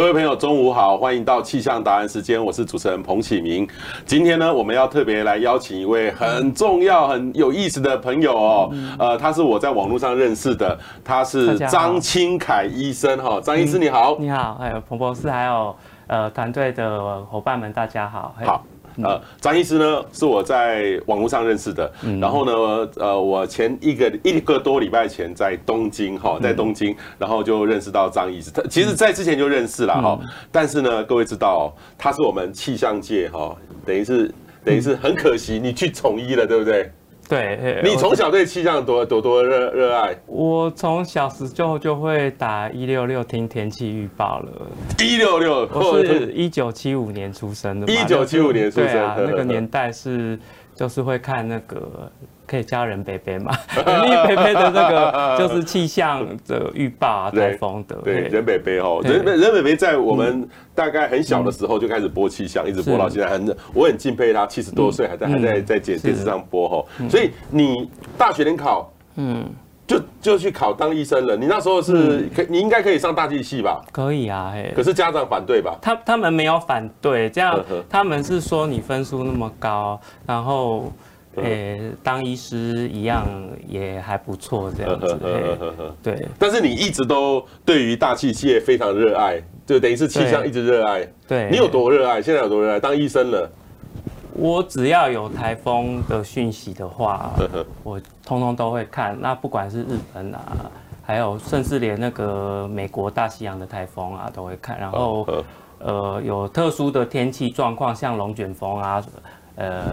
各位朋友，中午好，歡迎到氣象達人時間，我是主持人彭啟明。今天呢，我們要特別來邀請一位很重要、很有意思的朋友哦。呃，他是我在網絡上認識的，他是張欽凱醫生哈。張醫師你好，你好，還有彭博士，還有呃團隊的夥伴們，大家好。好。呃，張醫師呢，是我在網絡上認識的。嗯，然後呢，呃，我前一個一個多禮拜前在東京，哈，在東京，然後就認識到張醫師。他其實，在之前就認識了哈。但是呢，各位知道，他是我們氣象界哈，等於是，等於是很可惜，你去從醫了，對不對？對，你從小對氣象多多多熱熱愛？我從小時就就會打一六六聽天氣預報了。一六六，我是一九七五年出生的吧。一九七五年出生，對啊，那個年代是 就是會看那個。可以叫任北北嗎？任北北的那個就是氣象的浴霸在、啊、颱風的 對任北北哦，任北北在我們大概很小的時候就開始播氣象、嗯，一直播到現在。很，我很敬佩他，七十多歲還在、嗯、還在、嗯、在在電視上播、哦、所以你大學聯考，嗯，就就去考當醫生了。你那時候是、嗯、可你應該可以上大氣系吧？可以啊，嘿。可是家長反對吧？他他們沒有反對，這樣呵呵他們是說，你分數那麼高，然後。呃、欸，當醫師一樣也還不錯，這樣子呵呵呵呵呵呵。對。但是你一直都對於大氣系非常熱愛，對，就等於是氣象一直熱愛。對。你有多熱愛？現在有多熱愛？當醫生了。我只要有颱風的訊息的話呵呵，我通通都會看。那不管是日本啊，還有甚至連那個美國大西洋的颱風啊，都會看。然後，呵呵呃，有特殊的天氣狀況，像龍捲風啊，呃。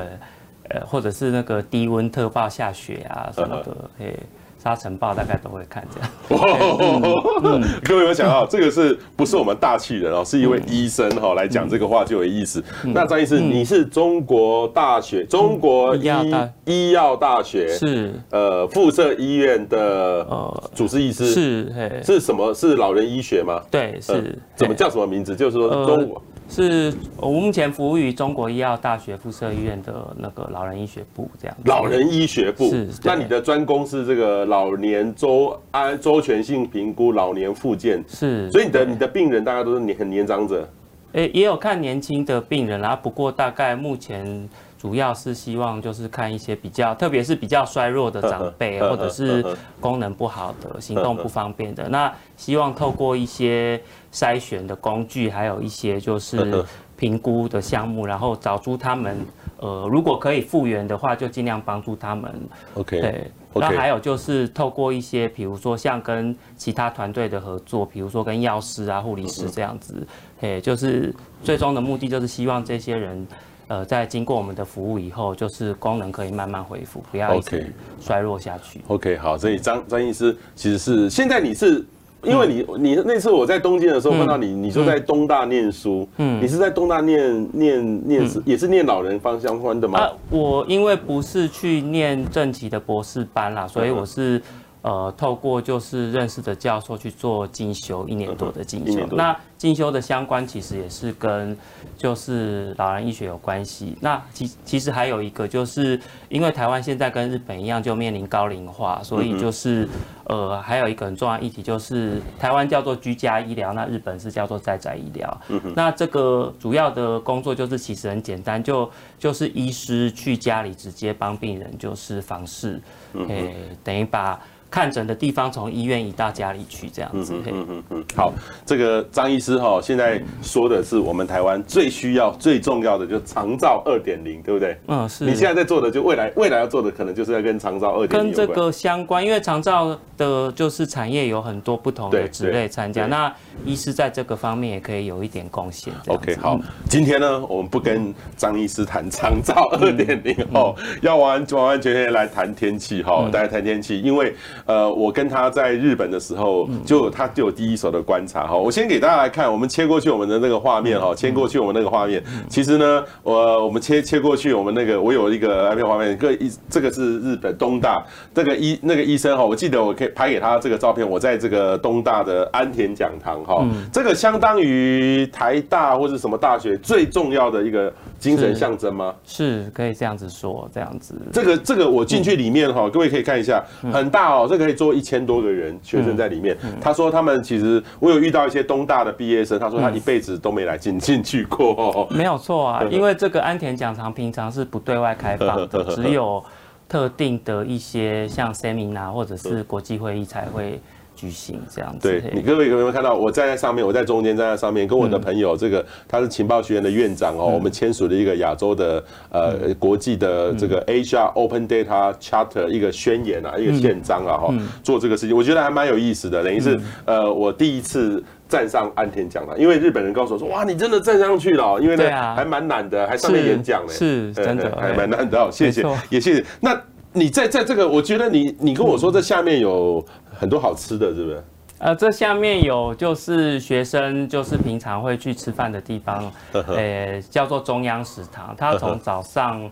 或者是那個低溫特報下雪啊什麼的，哎、嗯，沙塵暴大概都會看這樣。各、哦、位，有沒有想到這個是不是我們大氣人哦、嗯？是一位醫生哈，來講這個話就有意思。嗯、那張醫師，你是中國大學、中國醫、嗯、醫藥大、大學是呃，附設醫院的醫呃，主治醫師是？哎，是什麼？是老人醫學嗎？對，是。呃、怎麼叫什麼名字？就是說中午。呃是我目前服務於中國醫藥大學附設醫院的那個老人醫學部，這樣。老人醫學部是。那你的專攻是這個老年周安周全性評估、老年復健，是。所以你的你的病人，大概都是年很年長者。也有看年輕的病人啦，不過大概目前主要是希望就是看一些比較，特別是比較衰弱的長輩，呵呵呵呵或者是功能不好的呵呵、行動不方便的。那希望透過一些，篩選的工具，還有一些就是評估的項目，然後找出他們，呃，如果可以復原的話，就儘量幫助他們。Okay, okay。OK，對，那還有就是透過一些，比如說像跟其他團隊的合作，比如說跟藥師啊、護理師這樣子，嘿，就是最終的目的就是希望這些人，呃，在經過我們的服務以後，就是功能可以慢慢恢復，不要一直衰弱下去 okay, okay, okay, okay, okay, okay, okay, okay。OK，好，所以張張醫師其實是現在你是。因為你，嗯、你那次我在東京的時候問到你，嗯、你說在東大念書，嗯，你是在東大念念念、嗯、也是念老人方相關的嗎、啊？我因為不是去念正極的博士班啦，所以我是。呃，透過就是認識的教授去做進修一年多的進修，嗯、那進修的相關其實也是跟就是老人醫學有關係。那其其實還有一個就是因為台灣現在跟日本一樣就面臨高齡化，所以就是呃還有一個很重要議題就是台灣叫做居家醫療，那日本是叫做在宅醫療。嗯、那這個主要的工作就是其實很簡單，就就是醫師去家裡直接幫病人就是訪視。誒、嗯、等於把。看診的地方從醫院移到家裡去，這樣子嗯。嗯嗯嗯。好，這個張醫師哈、哦，現在說的是我們台灣最需要、最重要的，就是長照二點零，對不對？嗯，是。你現在在做的，就未來未來要做的，可能就是要跟長照二點零有關。跟這個相關，因為長照的，就是產業有很多不同的職類參加，那醫師在這個方面也可以有一點貢獻。OK，好，今天呢，我們不跟張醫師談長照二點零哦，要完完完全全來談天氣哈，大家談天氣，因為。呃，我跟他在日本的時候，就他就有第一手的觀察哈。我先給大家來看，我們切過去我們的那個畫面哈，切過去我們那個畫面。其實呢，我我們切切過去我們那個，我有一個畫面，各一這個是日本東大這個醫那個醫生哈。我記得我可以拍給他這個照片，我在這個東大的安田講堂哈，這個相當於台大或者什麼大學最重要的一個。精神象徵嗎？是，是，可以這樣子說，這樣子。這個這個，我進去裡面哈、嗯，各位可以看一下，很大哦，這個、可以坐一千多個人、嗯，學生在裡面。嗯嗯、他說他們其實，我有遇到一些東大的畢業生，他說他一輩子都沒來進進、嗯、去過。沒有錯啊， 因為這個安田講堂平常是不對外開放的， 只有特定的一些像 Seminar 或者是國際會議才會。舉行這樣子，你各位有沒有看到？我，在我在站在上面，我在中間站在上面，跟我的朋友，這個他是情報學院的院長哦、喔。我們簽署了一個亞洲的呃國際的這個 Asia Open Data Charter 一個宣言啊，一個憲章啊哈、喔，做這個事情，我覺得還蠻有意思的。等於是呃，我第一次站上安田講了，因為日本人告訴我說，哇，你真的站上去了，因為呢還蠻難的，還上面演講呢，是真、嗯、的還蠻難的哦、喔。謝謝，也謝謝。那你在在這個，我覺得你你跟我說這下面有。很多好吃的，是不是？呃，這下面有就是學生，就是平常會去吃飯的地方，呃、欸，叫做中央食堂。它從早上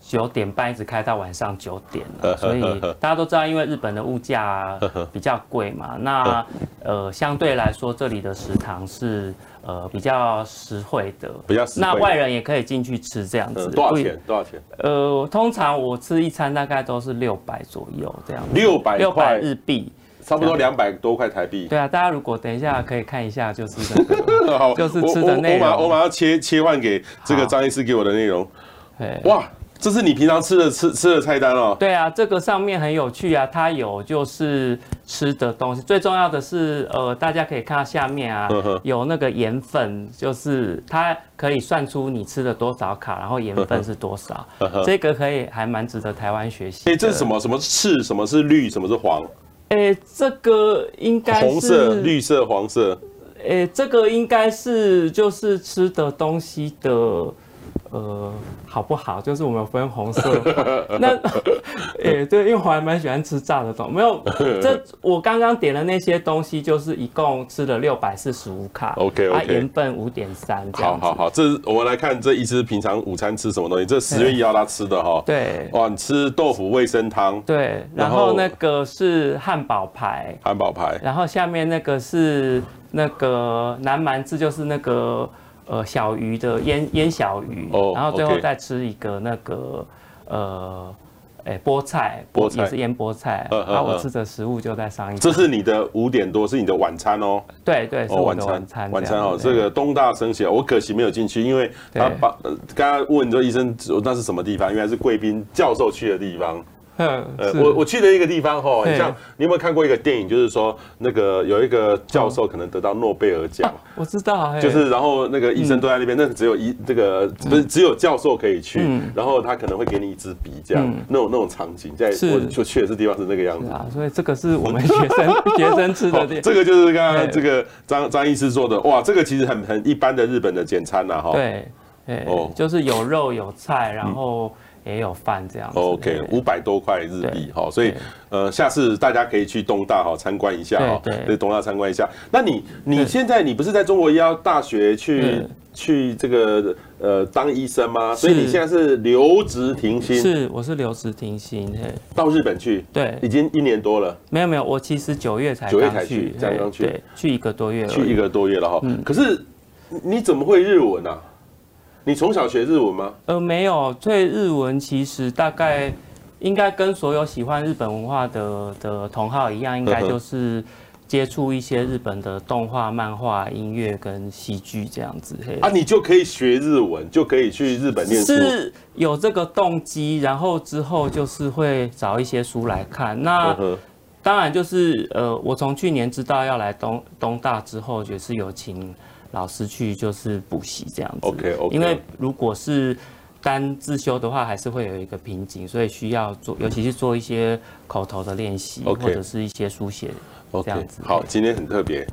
九點半一直開到晚上九點、啊呵呵，所以大家都知道，因為日本的物價比較貴嘛，呵呵那呃相對來說這裡的食堂是呃比較實惠的。比較實惠的，那外人也可以進去吃這樣子。呃、多少錢？多少錢？呃，通常我吃一餐大概都是六百左右這樣子。六百六百日幣。差不多兩百多塊台幣。對啊，大家如果等一下可以看一下，就是這個， 就是吃的內容。我我我馬上切切換給這個張醫師給我的內容。哎，哇，這是你平常吃的吃吃的菜單哦。對啊，這個上面很有趣啊，它有就是吃的東西，最重要的是呃，大家可以看到下面啊，有那個鹽分，就是它可以算出你吃的多少卡，然後鹽分是多少。 這個可以還蠻值得台灣學習。哎、欸，這是什麼什麼是赤，什麼是綠，什麼是黃？誒、欸，這個應該是紅色、綠色、黃色。誒、欸，這個應該是就是吃的東西的。呃，好不好？就是我們有分紅色。 那、欸，對，因為我還蠻喜歡吃炸的東西。 沒有，這我剛剛點了那些東西，就是一共吃了六百四十五卡。OK 它鹽分五點三。好，好，好，這是我們來看這一支平常午餐吃什麼東西。嗯、這十月一號他吃的哈、哦。對。哇，你吃豆腐味噌湯。對。然後那個是漢堡排，漢堡排。然後下面那個是那個南蠻子，就是那個。呃，小魚的醃醃小魚，然後最後再吃一個那個呃，誒，菠菜，菠菜是醃菠菜，然後我吃的食物就在上一趟。這是你的五點多，是你的晚餐哦。對對，是晚餐晚餐哦、喔，這個東大升學，我可惜沒有進去，因為他把剛、呃、剛問你說醫生那是什麼地方，原來是貴賓教授去的地方。呃，我我去的一個地方哈，像你有沒有看過一個電影，就是說那個有一個教授可能得到諾貝爾獎，我知道、欸，就是然後那個醫生都在那邊、嗯，那只有一這個不是只有教授可以去、嗯，然後他可能會給你一支筆這樣，嗯、那種那種場景，在我去去的地方是那個樣子啊，所以這個是我們學生 學生吃的店，哦、這個就是剛剛這個張張、欸、醫師說的，哇，這個其實很很一般的日本的簡餐吶、啊、哈，對、欸哦，就是有肉有菜，然後、嗯。也有飯這樣子，OK，五百多塊日幣哈，所以呃，下次大家可以去東大哈參觀一下哈，對，對，對，對，對東大參觀一下。那你你現在你不是在中國醫藥大學去去這個呃當醫生嗎？所以你現在是留職停薪？是，我是留職停薪。到日本去？對，已經一年多了。沒有沒有，我其實九月才九月才去，才剛去對，去一個多月。去一個多月了哈。嗯。可是你怎麼會日文呢、啊？你從小學日文嗎？呃，沒有，所以日文其實大概應該跟所有喜歡日本文化的的同好一樣，應該就是接觸一些日本的動畫、漫畫、音樂跟戲劇這樣子。啊，你就可以學日文，就可以去日本念書，是有這個動機。然後之後就是會找一些書來看。那當然就是呃，我從去年知道要來東東大之後，也是有請。老師去就是補習這樣子 okay, okay。因為如果是單自修的話，還是會有一個瓶頸，所以需要做，尤其是做一些口頭的練習，嗯、okay, 或者是一些書寫這樣子 okay。好，今天很特別，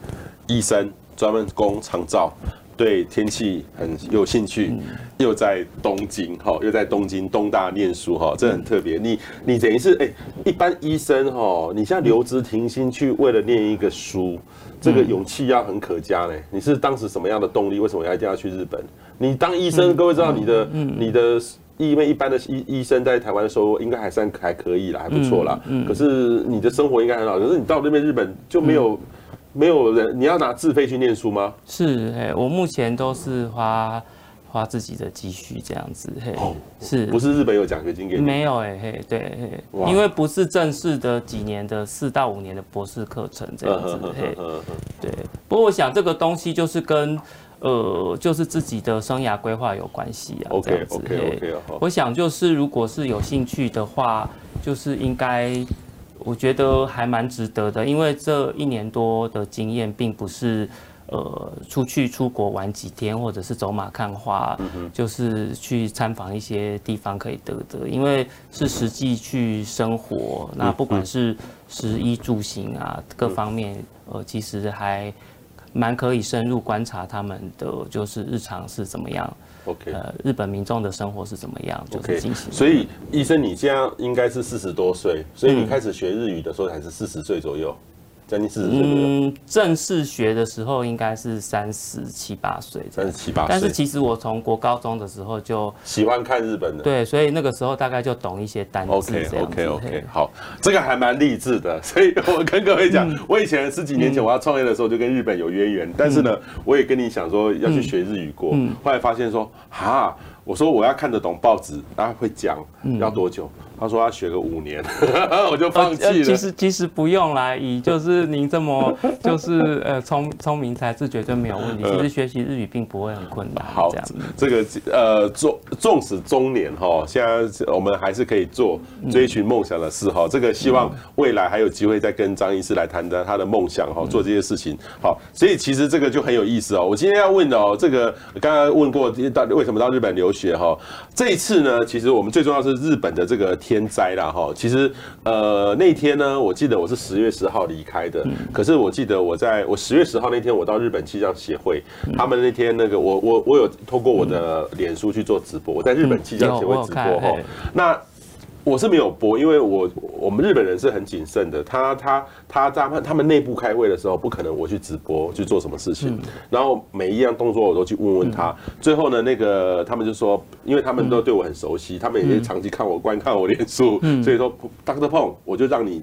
醫生專門攻長照，對天氣很有興趣，又在東京哈，又在東京東大念書哈，這很特別。你你等於是哎、欸，一般醫生哈，你像留職停薪去為了念一個書。嗯、這個勇氣要、啊、很可嘉呢。你是當時什麼樣的動力？為什麼要一定要去日本？你當醫生，嗯、各位知道你的、嗯嗯、你的因為一般的醫醫生在台灣的時候應該還算還可以啦，還不錯啦、嗯嗯。可是你的生活應該很好，可是你到那邊日本就沒有、嗯、沒有人，你要拿自費去念書嗎？是哎，我目前都是花。花自己的積蓄這樣子，嘿、哦，是，不是日本有獎學金給你？沒有，哎，嘿，對，對，因為不是正式的幾年的四到五年的博士課程這樣子，嘿、嗯嗯嗯，對，不過我想這個東西就是跟呃，就是自己的生涯規劃有關係啊，OK, 這樣子。OK, OK, 我想就是如果是有興趣的話，就是應該，我覺得還蠻值得的，因為這一年多的經驗並不是。呃，出去出國玩幾天，或者是走馬看花、嗯，就是去參訪一些地方可以得得，因為是實際去生活。那、嗯、不管是食衣住行啊、嗯，各方面，呃，其實還蠻可以深入觀察他們的，就是日常是怎麼樣。OK，呃，日本民眾的生活是怎麼樣，okay. 就是進行。所以，醫生，你這樣應該是四十多歲，所以你開始學日語的時候還是四十歲左右。嗯將近四十歲嗯，正式學的時候應該是三十七八歲。三十七八歲。但是其實我從國高中的時候就喜歡看日本的。對，所以那個時候大概就懂一些單詞。OK OK OK，好，這個還蠻勵志的。所以我跟各位講、嗯，我以前十幾年前我要創業的時候就跟日本有淵源、嗯，但是呢，我也跟你想說要去學日語過、嗯嗯，後來發現說哈，我說我要看得懂報紙，大家會講，要多久？嗯他說他學個五年， 我就放棄了、啊。其實其實不用來，以就是您這麼 就是呃聰聰明才智，絕對沒有問題。呃、其實學習日語並不會很困難。好，這樣子。這個呃，縱縱使中年哈，現在我們還是可以做追尋夢想的事哈、嗯。這個希望未來還有機會再跟張醫師來談談他的夢想哈、嗯，做這些事情。好，所以其實這個就很有意思哦。我今天要問的哦，這個剛剛問過到為什麼到日本留學哈，這一次呢，其實我們最重要是日本的這個。天災啦，哈，其實呃那天呢，我記得我是十月十號離開的、嗯，可是我記得我在我十月十號那天我到日本氣象協會，嗯、他們那天那個我我我有透過我的臉書去做直播，嗯、我在日本氣象協會直播哈，嗯哦、okay, 那。我是沒有播，因為我我們日本人是很謹慎的。他他他他們他們內部開會的時候，不可能我去直播去做什麼事情。然後每一樣動作我都去問問他。最後呢，那個他們就說，因為他們都對我很熟悉，他們也長期看我觀看我臉書，所以說，Doctor Pong，我就讓你。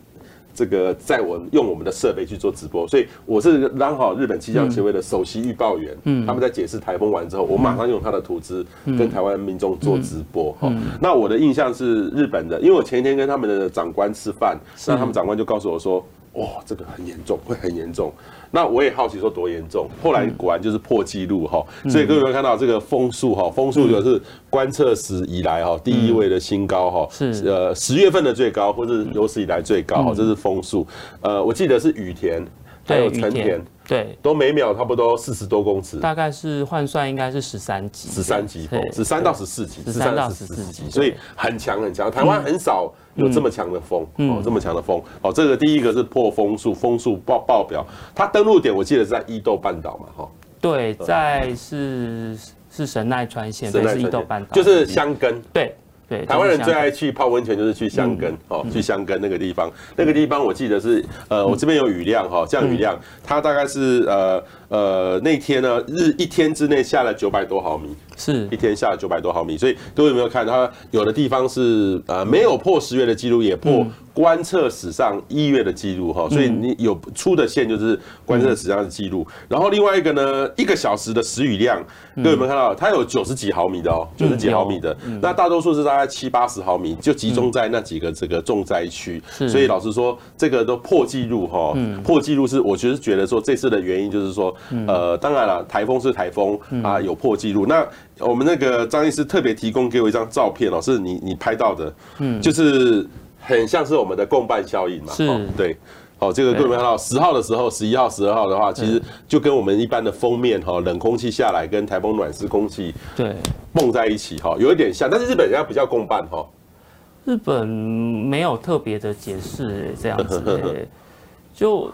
這個在我用我們的設備去做直播，所以我是剛好日本氣象協會的首席預報員，嗯，他們在解釋台風完之後，我馬上用他的圖資跟台灣民眾做直播。那我的印象是日本的，因為我前一天跟他們的長官吃飯，那他們長官就告訴我說，哇，這個很嚴重，會很嚴重。那我也好奇說多嚴重，後來果然就是破紀錄哈，所以各位看到這個風速哈，風速就是觀測史以來哈第一位的新高哈，是、嗯、呃十月份的最高，或者有史以來最高，嗯、這是風速。呃，我記得是羽田還有成田。對，都每秒差不多四十多公尺，大概是換算應該是十三級，十三級風，十三到十四級，十三到十四級 ,14 級，所以很強很強，嗯，台灣很少有這麼強的風，嗯、哦，這麼強的風，嗯、哦，這個第一個是破風速，風速爆爆表，它登陸點我記得是在伊豆半島嘛，哈、哦，對，在是是神奈川縣，是伊豆半島，就是箱根，對。台灣人最愛去泡溫泉，就是去箱根哦、嗯，去箱根那個地方。那個地方我記得是，呃，我這邊有雨量哈，降雨量，它大概是呃。呃，那天呢，日一天之內下了九百多毫米，是一天下了九百多毫米，所以各位有沒有看到？有的地方是呃沒有破十月的記錄，也破觀測史上一月的記錄哈。所以你有出的線就是觀測史上的記錄。然後另外一個呢，一個小時的時雨量，各位有沒有看到？它有九十幾毫米的哦，九十幾毫米的。那大多數是大概七八十毫米，就集中在那幾個這個重災區。所以老實說，這個都破紀錄哈，破紀錄是，我其實覺得說這次的原因就是說。嗯、呃，當然了，颱風是颱風啊，有破紀錄、嗯。那我們那個張醫師特別提供給我一張照片哦，是你你拍到的，嗯，就是很像是我們的共伴效應嘛，是、哦，對，哦，這個各位看到十號的時候，十一號、十二號的話，其實就跟我們一般的鋒面哈、哦，冷空氣下來跟颱風暖濕空氣對碰在一起哈、哦，有一點像，但是日本人家不叫共伴哈、哦，日本沒有特別的解釋、欸、這樣子、欸呵呵呵，就。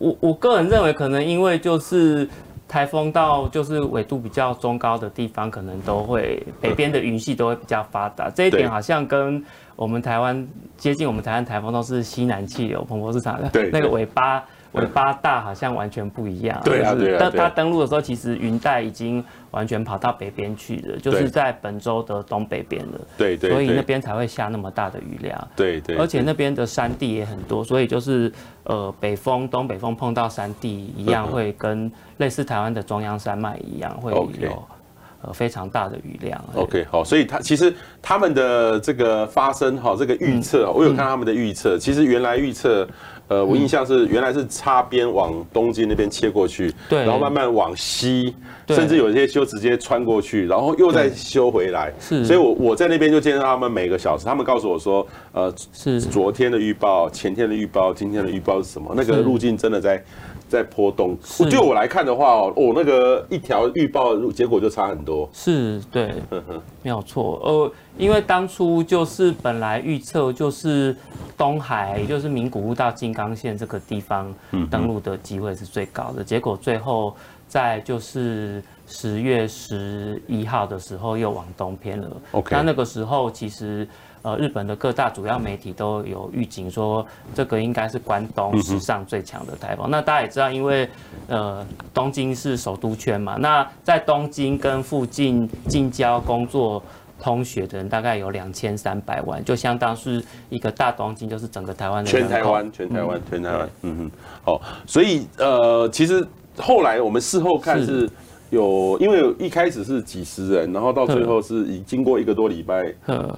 我我個人認為，可能因為就是颱風到就是緯度比較中高的地方，可能都會北邊的雲系都會比較發達。這一點好像跟我們台灣接近，我們台灣颱風都是西南氣流蓬勃市場的那個尾巴。 尾巴大好像完全不一樣。對啊，對啊。但它登陸的時候，其實雲帶已經完全跑到北邊去了，就是在本州的東北邊了。對對。所以那邊才會下那麼大的雨量。對對。而且那邊的山地也很多，所以就是呃北風、東北風碰到山地，一樣會跟類似台灣的中央山脈一樣，會有呃非常大的雨量。OK，好，所以它其實他們的這個發生哈，這個預測，我有看他們的預測，嗯、其實原來預測。呃，我印象是原來是擦邊往東京那邊切過去，對，然後慢慢往西，甚至有一些修直接穿過去，然後又再修回來。是，所以，我我在那邊就見到他們每個小時，他們告訴我說，呃，是昨天的預報、前天的預報、今天的預報是什麼？那個路徑真的在。在坡東，就我來看的話哦，我、哦、那個一條預報結果就差很多。是，對，沒有錯。呃，因為當初就是本來預測就是東海，就是名古屋到金剛線這個地方登陸的機會是最高的、嗯，結果最後在就是十月十一號的時候又往東偏了。OK，那那個時候其實。呃，日本的各大主要媒體都有預警說，這個應該是關東史上最強的台風、嗯。那大家也知道，因為呃東京是首都圈嘛，那在東京跟附近近郊工作通學的人大概有兩千三百萬，就相當是一個大東京，就是整個台灣的全台灣全台灣、嗯、全台灣，嗯哼，好，所以呃，其實後來我們事後看是。是有，因為有一開始是幾十人，然後到最後是已經過一個多禮拜，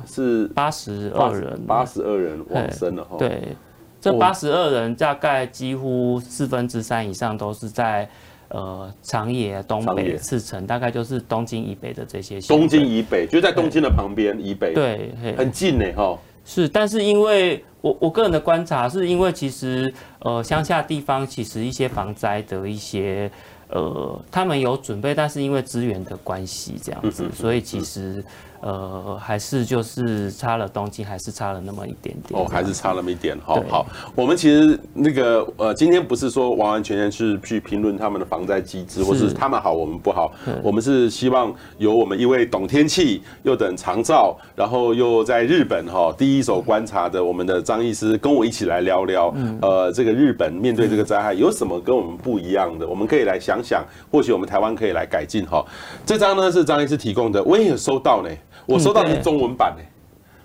是八十二人，八十二人往生了。對，哦、這八十二人大概幾乎四分之三以上都是在呃長野、東北四、赤城，大概就是東京以北的這些。東京以北，就在東京的旁邊以北。對，很近呢，哈、哦。是，但是因為我我個人的觀察，是因為其實呃鄉下地方其實一些防災的一些。呃，他們有準備，但是因為資源的關係，這樣子，嗯嗯嗯嗯，所以其實。呃，還是就是差了東京，還是差了那麼一點點。哦，還是差那麼一點哈。好，我們其實那個呃，今天不是說完完全全去去評論他們的防災機制，或是他們好，我們不好，我們是希望由我們一位懂天氣又等長照，然後又在日本哈第一手觀察的我們的張醫師，跟我一起來聊聊。嗯，呃，這個日本面對這個災害有什麼跟我們不一樣的？我們可以來想想，或許我們台灣可以來改進哈。這張呢是張醫師提供的，我也有收到呢。我收到的是中文版呢，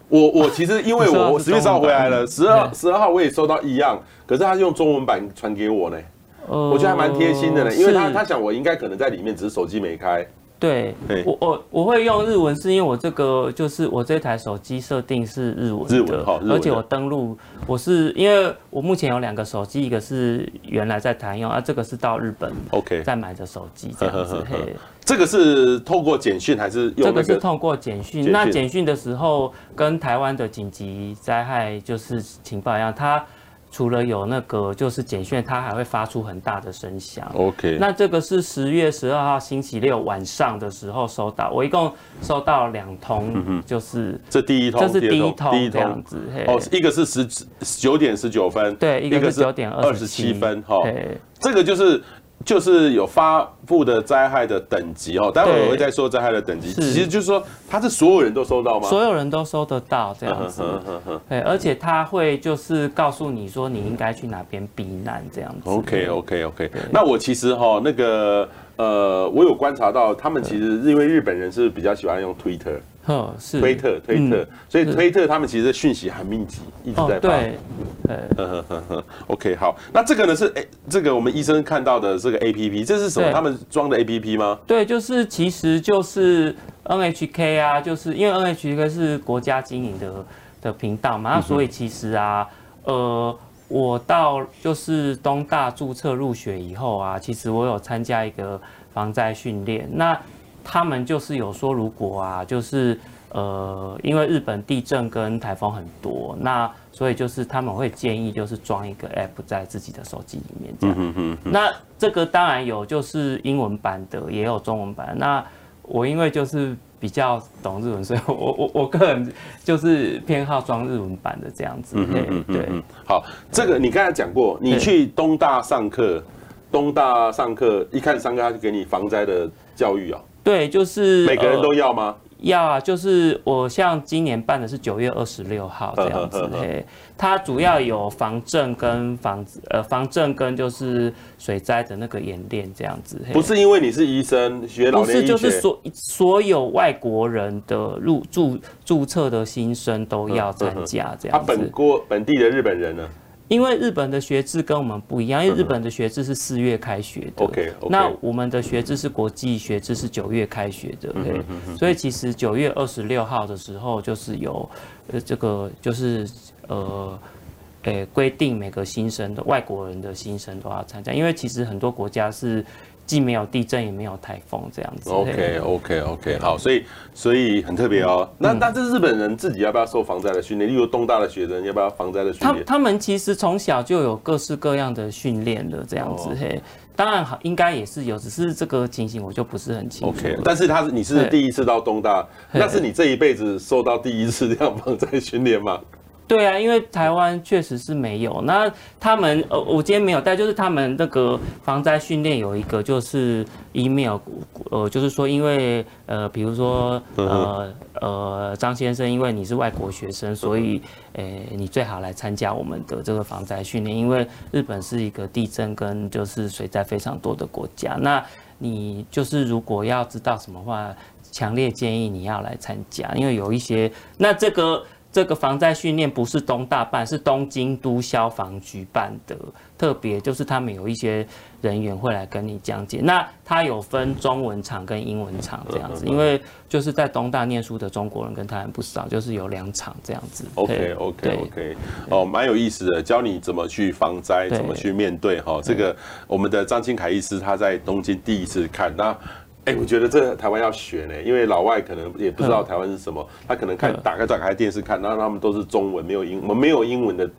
我我其實因為我我十月十號回來了，十二十二號我也收到一樣，可是他是用中文版傳給我呢、欸，我覺得還蠻貼心的呢、欸，因為他他想我應該可能在裡面，只是手機沒開。對 hey, 我我我會用日文，是因為我這個就是我這台手機設定是日文，日文哈，而且我登錄我是因為我目前有兩個手機，一個是原來在台灣用，啊，這個是到日本，OK，在買的手機這樣子。Okay, 呵呵呵 hey, 這個是透過簡訊還是？這個是透過簡訊。那簡訊的時候跟台灣的緊急災害就是情報一樣，他除了有那個就是簡訊，它還會發出很大的聲響，okay。OK，那這個是十月十二號星期六晚上的時候收到，我一共收到兩通、通，就、嗯、是這第一通，這是第一通，第一通。一通一通哦，一個是十九點十九分，對，一個是九點二十七分，哈、哦，這個就是。就是有發佈的災害的等級哦，待會兒我會再說災害的等級。其實就是說是，它是所有人都收到嗎？所有人都收得到這樣子。嗯嗯嗯、對，而且他會就是告訴你說你應該去哪邊避難這樣子。嗯嗯、OK，OK，OK、okay, okay。那我其實哈、哦、那個。呃，我有觀察到，他們其實因為日本人是比較喜歡用推特，哼，是推特推特，所以推特他們其實訊息很密集，嗯、一直在發。對，嗯嗯嗯嗯。OK，好，那這個呢是誒，這個我們醫生看到的這個 APP，這是什麼？他們裝的 APP 嗎？對，就是其實就是 NHK 啊，就是因為 NHK 是國家經營的的頻道嘛，那所以其實啊，嗯、呃。我到就是東大注冊入學以後啊，其實我有參加一個防災訓練。那他們就是有說，如果啊，就是呃，因為日本地震跟台風很多，那所以就是他們會建議就是裝一個 app 在自己的手機裡面。這樣，那這個當然有，就是英文版的也有中文版的。那我因為就是。比較懂日文，所以我我我個人就是偏好裝日文版的這樣子。對、嗯 yeah, 嗯、對。好，這個你剛才講過、嗯，你去東大上課，東大上課一看上課他就給你防災的教育哦。對，就是。每個人都要嗎？呃要啊，就是我像今年辦的是九月二十六號這樣子，嘿，hey, 它主要有防震跟防、嗯、呃防震跟就是水災的那個演練這樣子。不是因為你是醫生，學老年醫學不是，就是所所有外國人的入注註冊的新生都要參加這樣子。他、啊、本國本地的日本人呢？因為日本的學制跟我們不一樣，因為日本的學制是四月開學的。Okay, okay. 那我們的學制是國際學制，是九月開學的。嗯、哼哼。所以其實九月二十六號的時候，就是有這個就是呃，誒規定每個新生的外國人的新生都要參加，因為其實很多國家是，既沒有地震也沒有颱風這樣子。OK OK OK，好，所以所以很特別哦。嗯、那但是日本人自己要不要受防災的訓練？例如東大的學生要不要防災的訓練？他他們其實從小就有各式各樣的訓練的這樣子、哦、嘿。當然好，應該也是有，只是這個情形我就不是很清楚。OK，但是他是你是第一次到東大，那是你這一輩子受到第一次這樣防災訓練嗎？對啊，因為台灣確實是沒有。那他們呃，我今天沒有帶，但就是他們那個防災訓練有一個，就是 email，呃，就是說因為呃，比如說呃呃，張先生，因為你是外國學生，所以誒、呃，你最好來參加我們的這個防災訓練，因為日本是一個地震跟就是水災非常多的國家。那你就是如果要知道什麼話，強烈建議你要來參加，因為有一些那這個。這個防災訓練不是東大辦，是東京都消防局辦的。特別就是他們有一些人員會來跟你講解。那他有分中文場跟英文場這樣子，因為就是在東大念書的中國人跟他很不少，就是有兩場這樣子。OK OK OK，哦，蠻有意思的，教你怎麼去防災，怎麼去面對哈、哦。這個我們的張欽凱醫師他在東京第一次看那。哎，我覺得這台灣要學呢，因為老外可能也不知道台灣是什麼，嗯、他可能看打開打開電視看，然後他們都是中文，沒有英文，我們沒有英文的。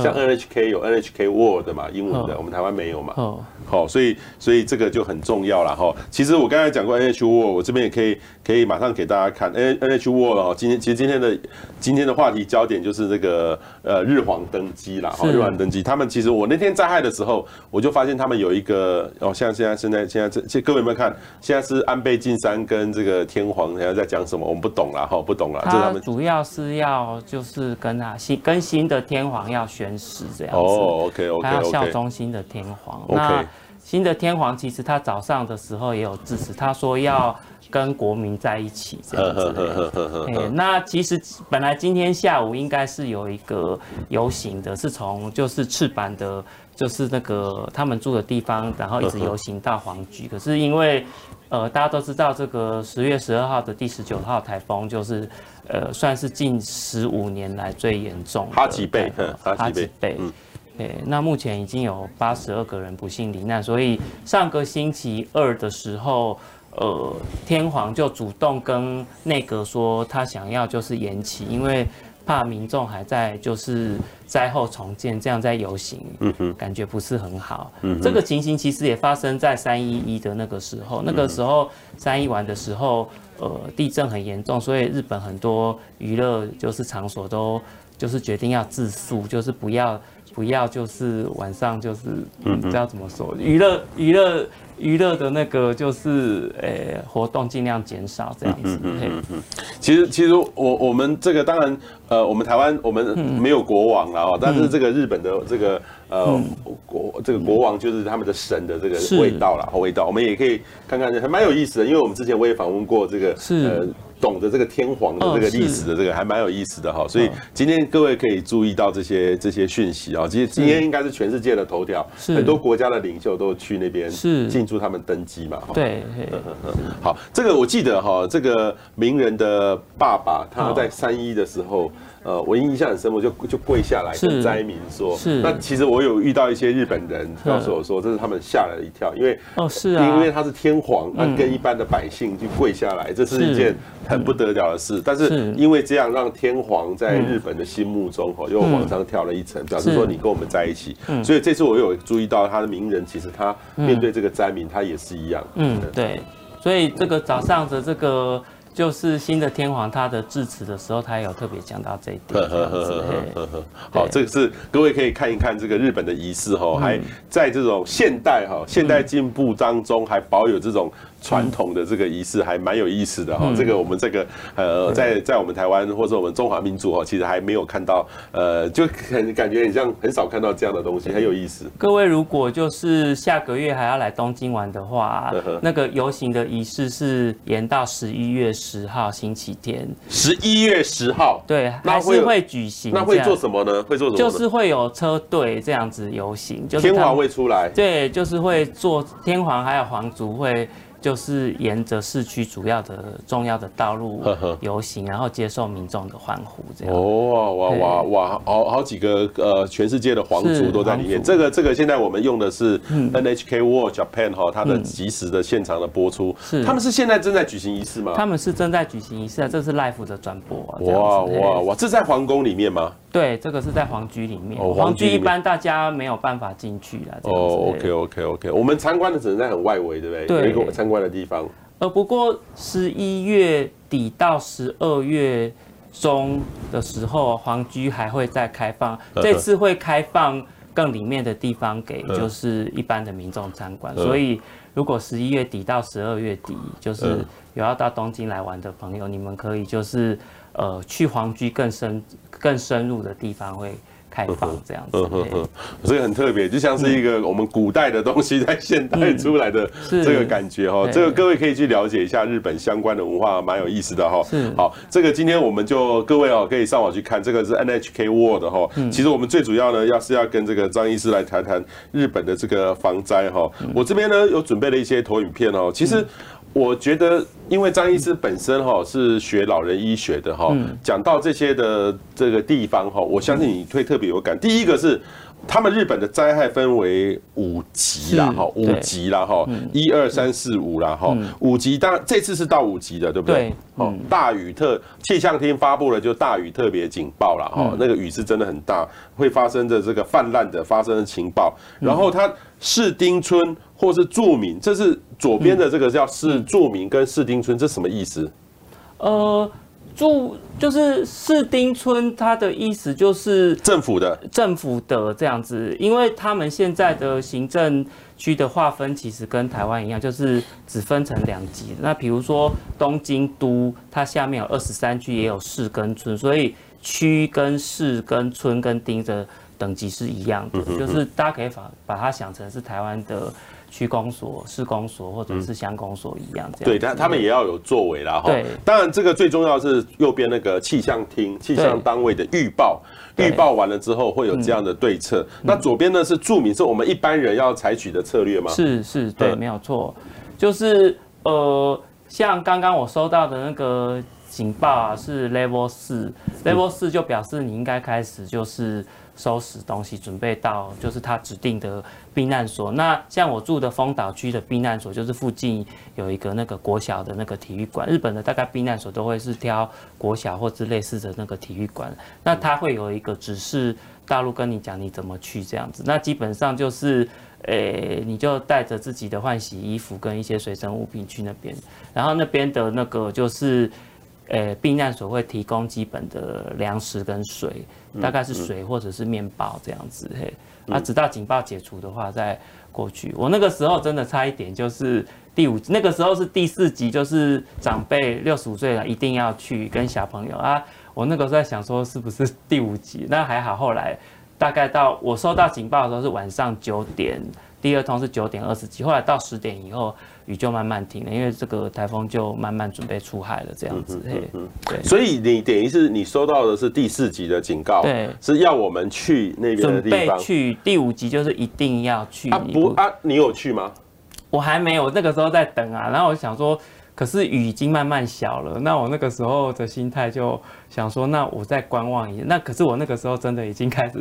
像 NHK 有 NHK World 的嘛，英文的，哦，我們台灣沒有嘛。哦，好，所以所以這個就很重要了哈。其實我剛才講過 NH World，我這邊也可以可以馬上給大家看 NH World 哦。今天其實今天的今天的話題焦點就是這個呃日皇，登基了，哦，日皇登基。他們其實我那天災害的時候，我就發現他們有一個哦，像現在現在現在這各位有沒有看？現在是安倍晉三跟這個天皇現在在講什麼？我們不懂了哈，不懂了。他們他主要是要就是跟啊新跟新的天皇要學宣誓這樣子，OK，OK，他要效忠新的天皇。那新的天皇其實他早上的時候也有致辭，他說要跟國民在一起這樣子。那其實本來今天下午應該是有一個遊行的，是從就是赤坂的，就是那個他們住的地方，然後一直遊行到皇居。Uh -huh. 可是因為呃，大家都知道這個十月十二號的第十九號颱風，就是，呃，算是近十五年來最嚴重的，哈吉貝的，哈吉貝。對、嗯欸。那目前已經有八十二個人不幸罹難，所以上個星期二的時候，呃，天皇就主動跟內閣說，他想要就是延期，因為。怕民眾還在就是災後重建這樣在遊行，嗯嗯，感覺不是很好。嗯，這個情形其實也發生在三一一的那個時候，嗯、那個時候三一晚的時候，呃，地震很嚴重，所以日本很多娛樂就是場所都就是決定要自肅，就是不要不要就是晚上就是嗯，嗯，不知道怎麼說娛樂娛樂。娛樂的那個就是，活動盡量減少這樣子嗯。嗯嗯嗯，嗯其實其實我我們這個當然，呃，我們台灣我們沒有國王了啊、嗯，但是這個日本的這個呃、嗯、國這個國王就是他們的神的這個味道啦。味道，我們也可以看看，還蠻有意思的。因為我們之前我也訪問過這個是。呃懂得這個天皇的這個歷史的這個還蠻有意思的哈，所以今天各位可以注意到這些這些訊息啊。今天應該是全世界的頭條，很多國家的領袖都去那邊進駐他們登基嘛。對，好，這個我記得哈，這個名人的爸爸他在三一的時候。呃，我印象很深，我就就跪下來跟災民說是。是。那其實我有遇到一些日本人，告訴我說，是這是他們嚇了一跳，因為哦是啊，因為他是天皇，那、嗯、跟一般的百姓就跪下來，這是一件很不得了的事。是，但是因為這樣，讓天皇在日本的心目中哦、嗯、又往上跳了一層，表示說你跟我們在一起。所以這次我有注意到他的名人，其實他面對這個災民，嗯、他也是一樣。嗯，對。所以這個早上的這個。就是新的天皇，他的致辭的時候，他也有特別講到這一點。好，這個是各位可以看一看這個日本的儀式哈，還在這種現代哈，現代進步當中還保有這種。傳統的這個儀式還蠻有意思的哈、哦嗯，這個我們這個呃，在在我們台灣或者我們中華民族哦，其實還沒有看到呃，就很感覺很像很少看到這樣的東西，很有意思。各位如果就是下個月還要來東京玩的話、啊，那個遊行的儀式是延到十一月十號星期天、嗯。十一月十號，對，還是會舉行。那會做什麼呢？會做什麼？就是會有車隊這樣子遊行，就是、天皇會出來。對，就是會做天皇還有皇族會。就是沿着市區主要的重要的道路遊行，呵呵然後接受民眾的歡呼，這樣、哦、哇哇哇哇，好好幾個呃，全世界的皇族都在裡面。這個這個，這個、現在我們用的是 NHK World、嗯、Japan 哈，它的即時的現場的播出、嗯是。他們是現在正在舉行儀式嗎？他們是正在舉行儀式啊，這是 live 的轉播、啊。哇哇哇，這在皇宮裡面嗎？對，這個是在皇居裡面、哦。皇居一般大家沒有辦法進去、哦、這樣子的。哦，OK，OK，OK。Okay, okay, okay. 我們參觀的只能在很外圍，對不對？對，參觀的地方。呃、欸，而不過十一月底到十二月中的時候，皇居還會再開放。呵呵這次會開放更裡面的地方給就是一般的民眾參觀。所以，如果十一月底到十二月底，就是有要到東京來玩的朋友，你們可以就是。呃，去皇居更深、更深入的地方會開放，這樣子。嗯哼，嗯哼，嗯哼，所以很特別，就像是一個我們古代的東西在現代出來的這個感覺哈、嗯。這個各位可以去了解一下日本相關的文化，蠻有意思的哈。好，這個今天我們就各位哦，可以上網去看。這個是 NHK World 哈。其實我們最主要呢，要是要跟這個張醫師來談談日本的這個防災哈。我這邊呢有準備了一些投影片哦。其實、嗯。我覺得，因為張醫師本身哈是學老人醫學的哈，講到這些的這個地方哈，我相信你會特別有感。第一個是，他們日本的災害分為五級啦，哈，五級啦，哈，一二三四五啦，哈，五級當然這次是到五級的，對不對？哦，大雨特氣象廳發布了就大雨特別警報了哈，那個雨是真的很大，會發生的這個泛濫的發生的情報。然後他市町村。或是住民，這是左邊的這個叫市住民跟市町村，嗯、這什麼意思？呃，住就是市町村，它的意思就是政府的政府的，政府的這樣子。因為他們現在的行政區的劃分其實跟台灣一樣，就是只分成兩級。那比如說東京都，它下面有二十三區，也有市跟村，所以區跟市跟村跟町的等級是一樣的，嗯、哼哼就是大家可以把把它想成是台灣的。區公所、市公所或者是鄉公所一樣，這樣對，但他們也要有作為啦。哈。對，當然這個最重要的是右邊那個氣象廳氣象單位的預報，預報完了之後會有這樣的對策。嗯、那左邊呢是注明是我們一般人要採取的策略嗎、嗯？是，是，對，沒有錯。就是呃，像剛剛我收到的那個警報、啊、是 Level 四，Level 四就表示你應該開始就是。收拾東西，準備到就是他指定的避難所。那像我住的豐島區的避難所，就是附近有一個那個國小的那個體育館。日本的大概避難所都會是挑國小或者類似的那個體育館。那他會有一個指示，大陸跟你講你怎麼去這樣子。那基本上就是，誒、欸，你就帶着自己的換洗衣服跟一些隨身物品去那邊。然後那邊的那個就是。呃、欸，避難所會提供基本的糧食跟水，嗯，大概是水或者是麵包這樣子，嗯。嘿，啊，直到警報解除的話，再過去。我那個時候真的差一點，就是第五那個時候是第四集就是長輩六十五歲了，一定要去跟小朋友啊。我那個時候在想說，是不是第五集？那還好，後來大概到我收到警報的時候是晚上九點。第二通是九點二十幾，後來到十點以後雨就慢慢停了，因為這個颱風就慢慢準備出海了，這樣子。嗯哼嗯哼對。所以你等於是你收到的是第四級的警告，對，是要我們去那邊的地方準備去。第五級就是一定要去。啊不啊，你有去嗎？我還沒有，我那個時候在等啊，然後我就想說。可是雨已經慢慢小了，那我那個時候的心態就想說，那我再觀望一下。那可是我那個時候真的已經開始，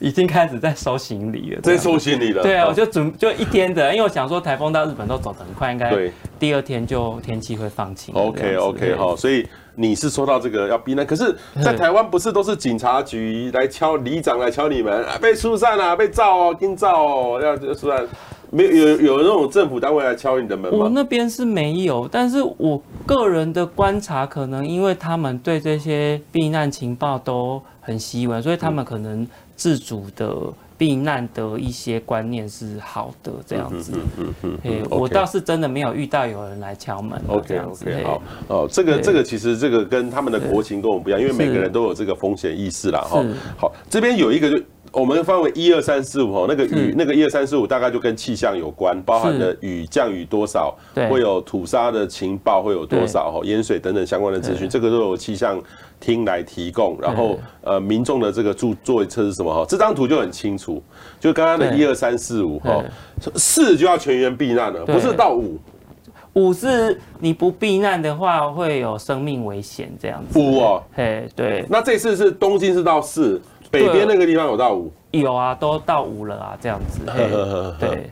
已經開始在收行李了。在收行李了。對啊，哦、我就準就一天的，因為我想說台風到日本都走得很快，應該第二天就天氣會放晴。OK OK 哈、哦，所以你是說到這個要避難，可是，在台灣不是都是警察局來敲里長來敲你們，被疏、啊、散啊，被召哦，跟召哦，要疏散。沒有，有有那種政府單位來敲你的門嗎？我那邊是沒有，但是我個人的觀察，可能因為他們對這些避難情報都很習慣，所以他們可能自主的避難的一些觀念是好的這樣子。嗯嗯，嗯，嗯，嗯，嗯、okay. 我倒是真的沒有遇到有人來敲門這樣子。OK o、okay, 好哦，這個這個其實這個跟他們的國情跟我們不一樣，因為每個人都有這個風險意識啦。哈、哦。好，這邊有一個就。我們分為一二三四五吼，那個雨那個一二三四五大概就跟氣象有關，包含的雨降雨多少，會有土砂的情報會有多少吼，淹水等等相關的資訊，這個都有氣象廳來提供。然後呃，民眾的這個注做測是什麼吼？這張圖就很清楚，就剛剛的一二三四五吼，四就要全員避難了，不是到五，五是你不避難的話會有生命危險這樣子。五哦，嘿對,對，那這次是東京是到四。北邊那個地方有到五，有啊，都到五了啊，這樣子。呵呵呵對，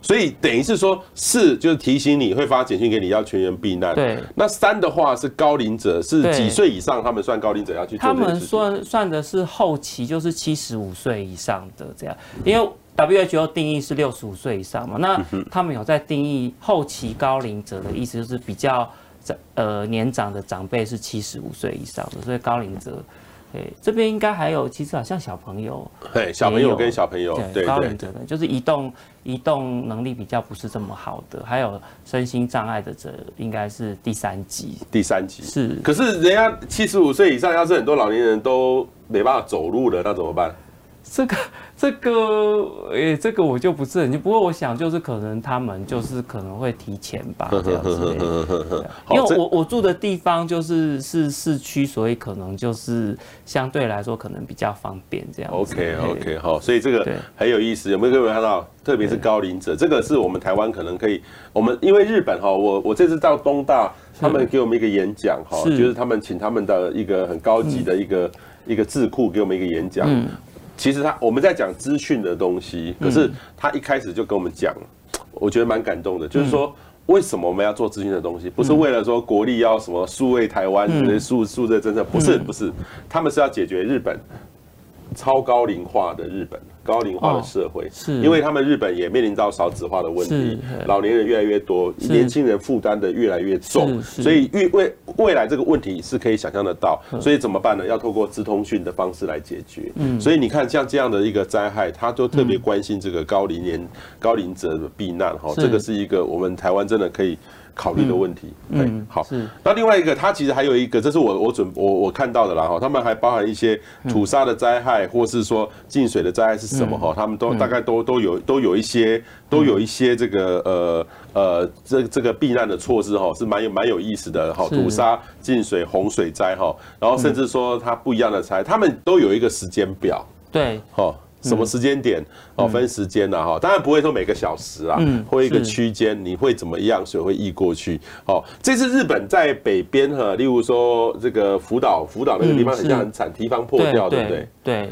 所以等於是說四就是提醒你會發簡訊給你要全員避難。對，那三的話是高齡者，是幾歲以上？他們算高齡者要去？他們算算的是後期，就是七十五歲以上的這樣。因為 WHO 定義是六十五歲以上嘛，那他們有在定義後期高齡者的意思，就是比較長呃年長的長輩是七十五歲以上的，所以高齡者。對，這邊應該還有，其實好像小朋友對，小朋友跟小朋友，對對高齡者的對對對，就是移動移動能力比較不是這麼好的，還有身心障礙的者，應該是第三級。第三級是，可是人家七十五歲以上，要是很多老年人都沒辦法走路了，那怎麼辦？這個。這個誒、欸，這個我就不是很不過我想，就是可能他們就是可能會提前吧，呵呵呵呵，因為我我住的地方就是是市區，所以可能就是相對來說可能比較方便這樣子。OK OK 好、哦，所以這個很有意思。有沒有各位看到？特別是高齡者，這個是我們台灣可能可以。我們因為日本哈，我我這次到東大，他們給我們一個演講哈、嗯，就是他們是請他們的一個很高級的一個、嗯、一個智庫給我們一個演講。嗯其實他我們在講資訊的東西，可是他一開始就跟我們講，我覺得蠻感動的。就是說，為什麼我們要做資訊的東西？不是為了說國力要什麼數位台灣，數數字政策，不是不是，他們是要解決日本超高齡化的日本。高齡化的社會，是，因為他們日本也面臨到少子化的問題，老年人越來越多，年輕人負擔的越來越重，所以未未來這個問題是可以想象得到，所以怎麼辦呢？要透過資通訊的方式來解決，所以你看像這樣的一個災害，他就特別關心這個高齡年高齡者的避難哈，這個是一個我們台灣真的可以。考慮的問題、嗯嗯，對好。那另外一個，它其實還有一個，這是我我准我我看到的啦哈。他們還包含一些土沙的災害、嗯，或是說進水的災害是什麼哈、嗯？他們都、嗯、大概都都有都有一些都有一些這個、嗯、呃呃這個、這個避難的措施哈，是蠻有蠻有意思的哈。土沙、進水、洪水災哈，然後甚至說它不一樣的災，他們都有一個時間表，對，哈、哦。什麼時間點？嗯、哦，分時間的、啊、哈、嗯，當然不會說每個小時啊，或、嗯、一個區間，你會怎麼樣，所以會溢過去？哦，這次日本在北邊哈，例如說這個福島，福島那個地方好像很慘，堤、嗯、防破掉，對，對不對，對？對。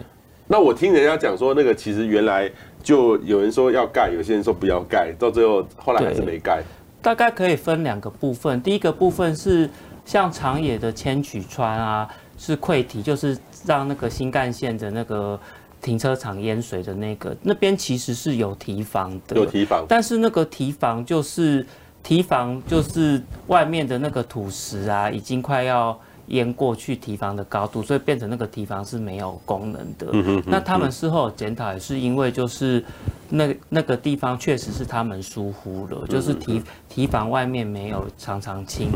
那我聽人家講說，那個其實原來就有人說要蓋，有些人說不要蓋，到最後後來還是沒蓋。大概可以分兩個部分，第一個部分是像長野的千曲川啊，是潰堤，就是讓那個新幹線的那個。停車場淹水的那個那邊其實是有堤防的，有堤防，但是那個堤防就是堤防就是外面的那個土石啊，嗯、已經快要淹過去堤防的高度，所以變成那個堤防是沒有功能的。嗯哼,嗯哼。那他們事後檢討也是因為就是那那個地方確實是他們疏忽了，就是堤堤、嗯嗯、防外面沒有常常清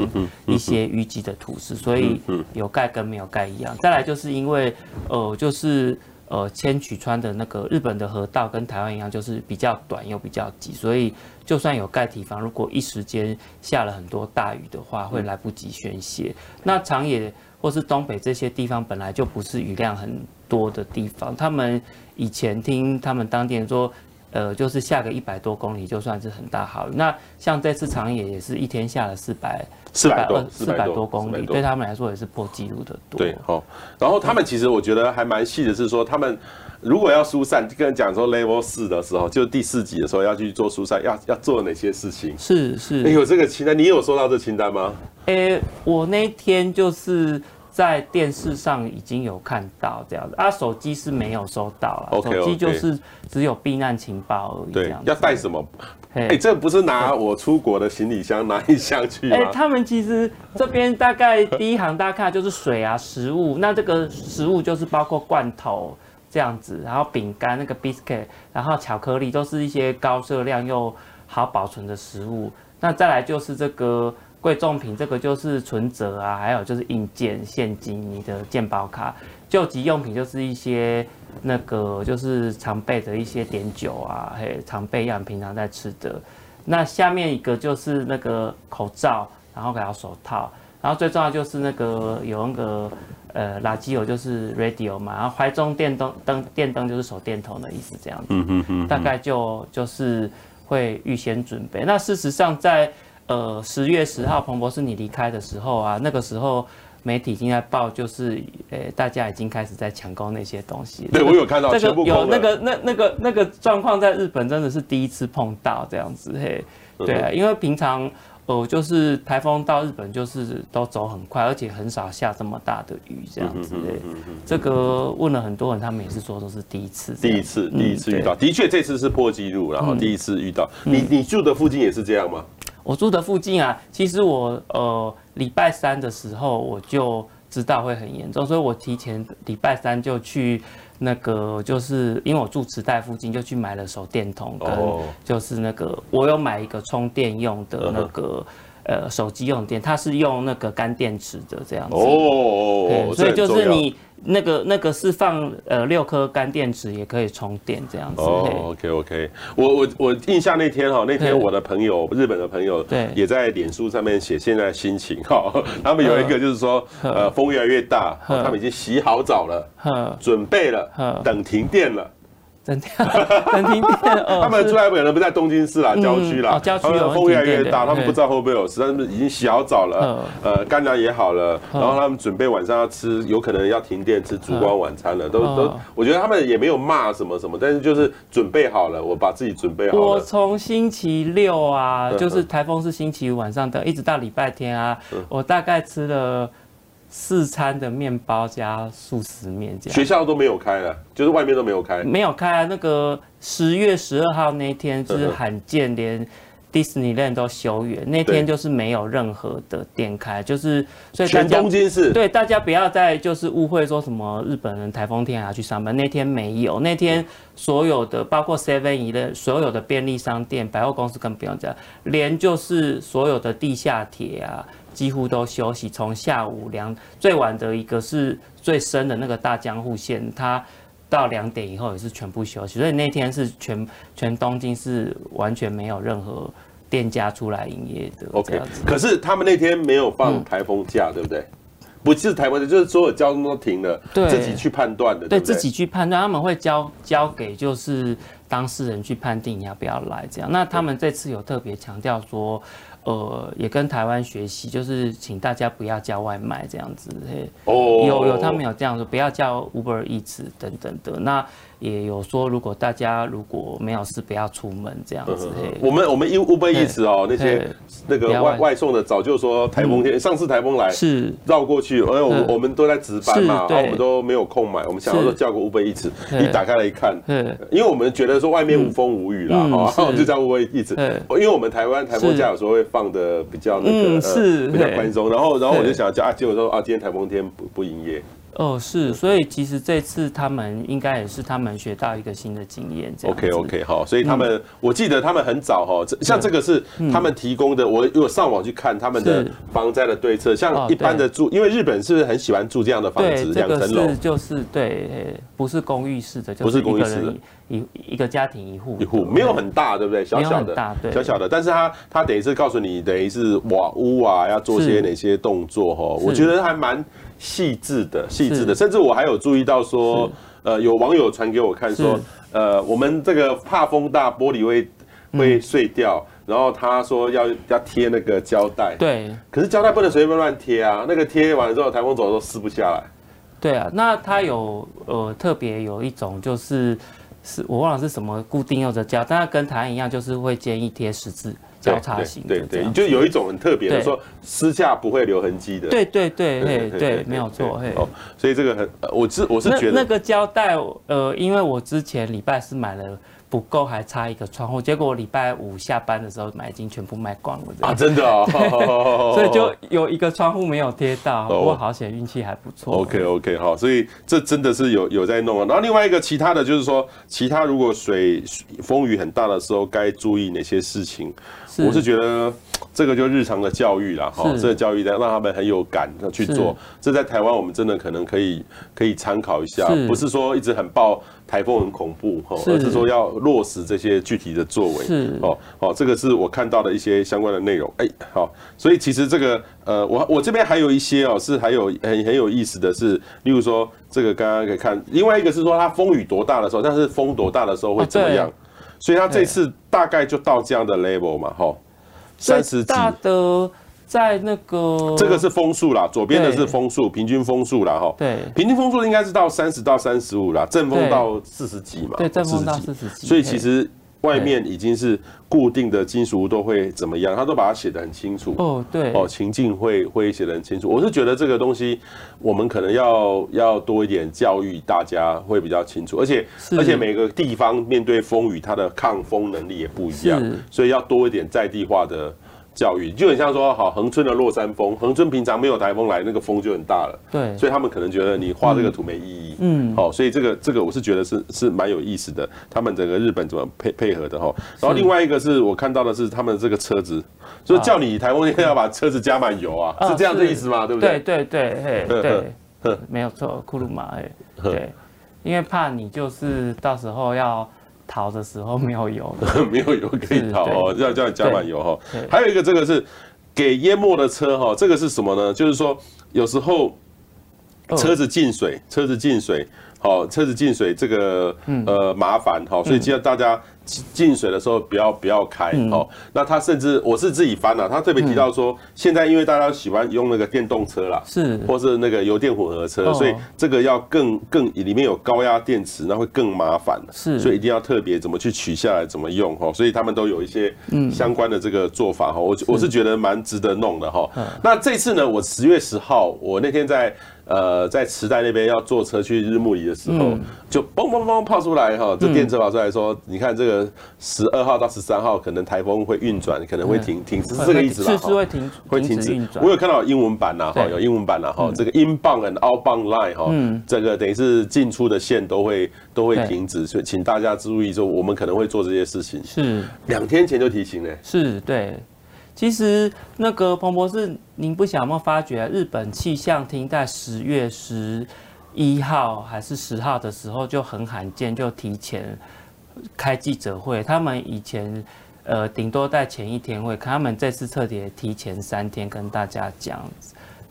一些淤積的土石，所以有蓋跟沒有蓋一樣。再來就是因為呃就是。呃，千曲川的那個日本的河道跟台灣一樣，就是比較短又比較急，所以就算有蓋堤防，如果一時間下了很多大雨的話，會來不及宣洩，嗯。那長野或是東北這些地方本來就不是雨量很多的地方，他們以前聽他們當地人說。呃，就是下個一百多公里就算是很大好了。那像這次長野也是一天下了四百四百四百多公里多，對他們來說也是破紀錄的多。對，好、哦。然後他們其實我覺得還蠻細的，是說他們如果要疏散，就、嗯、跟人講說 level 四的時候，就第四級的時候要去做疏散，要要做哪些事情？是是、欸。有這個清單？你有收到這清單嗎？誒、欸，我那天就是。在電視上已經有看到這樣子，啊，手機是沒有收到了，okay, okay. 手機就是只有避難情報而已。對，要帶什麼？哎、欸欸，這不是拿我出國的行李箱拿一箱去、欸、他們其實這邊大概第一行大家看就是水啊、食物，那這個食物就是包括罐頭這樣子，然後餅乾、那個 biscuit，然後巧克力都是一些高熱量又好保存的食物，那再來就是這個。貴重品這個就是存折啊，還有就是印鑑、現金、你的健保卡；救急用品就是一些那個就是常備的一些碘酒啊，還有常備藥，平常在吃的。那下面一個就是那個口罩，然後還有手套，然後最重要就是那個有那個呃垃圾油就是 radio 嘛，然後懷中電燈燈電燈就是手電筒的意思這樣子。嗯嗯嗯。大概就就是會預先準備。那事實上在。呃，十月十號，彭博士，你離開的時候啊，那個時候媒體已經在報，就是呃、欸，大家已經開始在搶購那些東西。對，我有看到。這、那個有那個那那，那個那個狀況，在日本真的是第一次碰到這樣子嘿。對啊，因為平常呃，就是台風到日本就是都走很快，而且很少下這麼大的雨這樣子、嗯嗯嗯、這個問了很多人，他們也是說都是第一次。第一次，第一次遇到，嗯、的確這次是破紀錄，然後第一次遇到。嗯、你你住的附近也是這樣嗎？我住的附近啊，其實我呃禮拜三的時候我就知道會很嚴重，所以我提前禮拜三就去那個，就是因為我住池袋附近，就去買了手電筒跟就是那個，我有買一個充電用的那個呃手機用電，它是用那個乾電池的這樣子哦，對，所以就是你。那個那個是放呃六顆乾電池也可以充電這樣子。哦、oh，OK OK，我我我印象那天哈，那天我的朋友，日本的朋友，對，也在臉書上面寫現在心情哈，他們有一個就是說呃風越來越大，他們已經洗好澡了，準備了，等停電了。 整天，停電， 他們出來可能不在東京市啦，嗯、郊區啦。哦、郊區、哦。他們的風越來越大，他們不知道會不會有事。他們已經洗好澡了，呃，乾糧也好了，然後他們準備晚上要吃，有可能要停電吃燭光晚餐了。都都，我覺得他們也沒有罵什麼什麼，但是就是準備好了，我把自己準備好了。我從星期六啊，就是台風是星期五晚上的，的一直到禮拜天啊，我大概吃了。四餐的麵包加素食麵，這樣學校都沒有開了，就是外面都沒有開，沒有開、啊。那個十月十二號那天就是罕見，連 Disneyland 都休園、嗯，那天就是沒有任何的店開，就是所以大家全東京市對大家不要再就是誤會說什麼日本人颱風天還要去上班，那天沒有，那天所有的、嗯、包括 Seven Eleven 所有的便利商店、百貨公司更不用講，連就是所有的地下鐵啊。幾乎都休息，從下午兩最晚的一個是最深的那個大江戶線，他到兩點以後也是全部休息，所以那天是全全東京是完全沒有任何店家出來營業的。OK，可是他們那天沒有放颱風假，嗯，對不對？不是颱風假，就是所有交通都停了，對自己去判斷的。對，對，對自己去判斷，他們會交交給就是當事人去判定你要不要來這樣。那他們這次有特別強調說。呃，也跟台灣學習，就是請大家不要叫外賣這樣子。Oh, oh, oh, oh. 有有他們有這樣說，不要叫 Uber Eats 等等的。那。也有說，如果大家如果沒有事，不要出門這樣子呵呵。我們我們 Uber Uber Eats 哦，那些那個外外送的早就說台風天，嗯、上次台風來是繞過去，因為我我們都在值班嘛，然後我們都沒有空買，我們想說叫個 Uber Eats，一打開來一看，嗯，因為我們覺得說外面無風無雨啦，然、嗯喔、就叫樣 Uber Eats，因為我們台灣台風假有時候會放的比較那個、呃嗯、是比較寬鬆，然後然後我就想叫啊，結果說啊今天台風天不不營業。哦，是，所以其實這次他們應該也是他們學到一個新的經驗。OK，OK、okay, okay, 好、哦，所以他們、嗯，我記得他們很早哈，像這個是他們提供的。嗯、我如果上網去看他們的防災的對策，像一般的住，哦、因為日本是不是很喜歡住這樣的房子，兩層樓，就是對，不是公寓式的、就是，不是公寓式的，一一個家庭一戶一戶沒有很大，對不對？小小的，大對小小的，但是他他等於是告訴你，等於是瓦屋啊，要做些哪些動作？哈，我覺得還蠻。細緻的，細緻的，甚至我還有注意到說，呃，有網友傳給我看說，呃，我們這個怕風大，玻璃會、嗯、會碎掉，然後他說要要貼那個膠帶，對，可是膠帶不能隨便亂貼啊，那個貼完之後颱風走的時候都撕不下來。對啊，那他有呃特別有一種就是是我忘了是什麼固定用的膠，但他跟台灣一樣，就是會建議貼十字。交叉型，對對，對，你就有一種很特別的，說撕下不會留痕迹的。對對對，對對，對，沒有錯。嘿。哦，所以這個很、呃，我之我是覺得那個膠帶，呃，因為我之前禮拜是買了。不夠，還差一個窗戶。結果我禮拜五下班的時候，買已經全部賣光了。對對啊，真的、哦哦，所以就有一個窗戶沒有貼到。哦、不過好險，運氣還不錯。OK OK 好，所以這真的是有有在弄啊。然後另外一個其他的就是說，其他如果水風雨很大的時候，該注意哪些事情？是我是覺得。這個就日常的教育了哈，這個教育讓讓他們很有感去做。這在台灣，我們真的可能可以可以參考一下，不是說一直很報台風很恐怖哈，而是說要落實這些具體的作為。哦哦，這個是我看到的一些相關的內容。哎，好，所以其實這個呃，我我這邊還有一些哦，是還有很很有意思的是，例如說這個剛剛可以看，另外一個是說它風雨多大的時候，但是風多大的時候會怎麼樣？所以它這次大概就到這樣的 level 嘛，哈。三十幾大的，在那個，這個是風速啦，左邊的是風速，平均風速啦。齁。對，平均風速應該是到三十到三十五啦，陣風到四十幾嘛。對，陣風到四十幾，所以其實。外面已經是固定的金屬都會怎麼樣，他都把它寫得很清楚。哦，對，哦，情境會會寫得很清楚。我是覺得這個東西，我們可能要要多一點教育，大家會比較清楚。而且而且每個地方面對風雨，它的抗風能力也不一樣，所以要多一點在地化的。教育，就很像說，好，恆春的落山風，恆春平常沒有颱風來，那個風就很大了。對，所以他們可能覺得你畫這個圖沒意義。嗯，好、嗯，哦，所以這個這個我是覺得是是蠻有意思的，他們整個日本怎麼配配合的哈、哦。然後另外一個是我看到的是他們這個車子，說叫你颱風天要把車子加滿油啊，啊，是這樣的意思嗎？對不對？對對對呵呵，對，沒有錯，庫魯馬，哎，對，因為怕你就是到時候要。逃的時候沒有油， 沒有油可以逃哦，要叫你加滿油哦。還有一個，這個是給淹沒的車哦，這個是什麼呢？就是說有時候車子進水，車子進水。哦，車子進水這個嗯呃麻煩，哦，所以記得大家進水的時候不要不要開哦。那他甚至我是自己翻了，他特別提到說，現在因為大家喜歡用那個電動車啦，是，或是那個油電混合車，所以這個要更更裡面有高壓電池，那會更麻煩，是，所以一定要特別怎麼去取下來，怎麼用哦。所以他們都有一些相關的這個做法哈。我我是覺得蠻值得弄的哈。那這次呢，我十月十號，我那天在。呃，在池袋那邊要坐車去日暮里的時候，就嘣嘣嘣跑出來哈、哦，這電車跑出來說：“你看這個十二號到十三號，可能台風會運轉，可能會停停，是這個意思吧？”是是會停止運轉。我有看到英文版吶，哈，有英文版吶，哈，這個 inbound and outbound line 哈，這個等於是進出的線都會都會停止，所以請大家注意，說我們可能會做這些事情。是兩天前就提醒了，是對。其實，那個彭博士，您不想有沒有發覺、啊，日本氣象廳在十月十一號還是十號的時候就很罕見，就提前開記者會。他們以前呃，頂多在前一天會，他們這次特別提前三天跟大家講。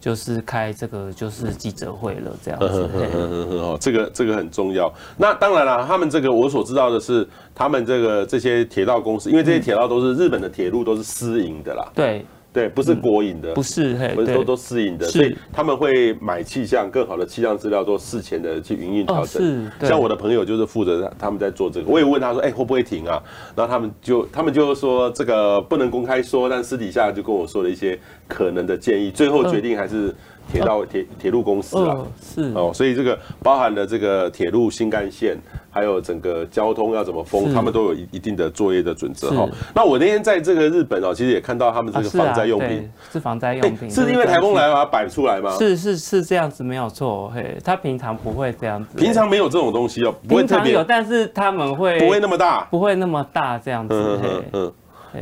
就是開這個就是記者會了，這樣子，欸。嗯嗯嗯，哦，這個這個很重要。那當然了，他們這個我所知道的是，他們這個這些鐵道公司，因為這些鐵道都是日本的鐵路，都是私營的啦。對。對，不是國營的、嗯，不是我們說都私營的，所以他們會買氣象更好的氣象資料做事前的去營運調整。像我的朋友就是負責，他們在做這個，我也問他說，哎，會不會停啊？然後他們就他們就說這個不能公開說，但私底下就跟我說了一些可能的建議，最後決定還是。鐵道鐵鐵路公司啊、哦，是哦，所以這個包含了這個鐵路新幹線，還有整個交通要怎麼封，他們都有一一定的作業的準則哈、哦。那我那天在這個日本哦，其實也看到他們這個防災用品，啊是，啊是防災用品，欸、是因為台風來把它擺出來嗎？是是是這樣子沒有錯，嘿，他平常不會這樣子，平常沒有這種東西哦，不會特別常有，但是他們會不會那麼大？不會那麼大這樣子，嗯，嗯嗯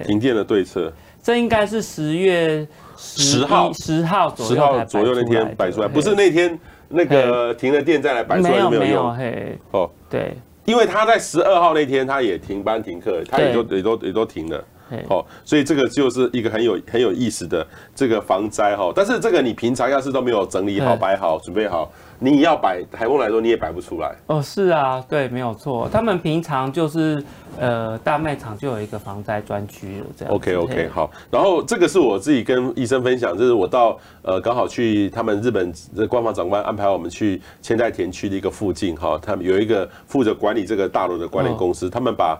停電的對策，這應該是十月十號，十號左右，十號左右那天擺出來，hey, 不是那天那個停了電再來擺出來就沒有用，哦，對，因為他在十二號那天他也停班停課，hey, 他也都也都 hey, 也都停了。Hey, 好、哦，所以這個就是一個很有很有意思的這個防災哈。但是這個你平常要是都沒有整理好、擺好、準備好，你要擺，颱風來說你也擺不出來。哦，是啊，對，沒有錯。他們平常就是呃大賣場就有一個防災專區這樣子。OK OK，好。然後這個是我自己跟醫生分享，就是我到呃剛好去他們日本的官房長官安排我們去千代田區的一個附近哈，他們有一個負責管理這個大樓的管理公司、哦，他們把。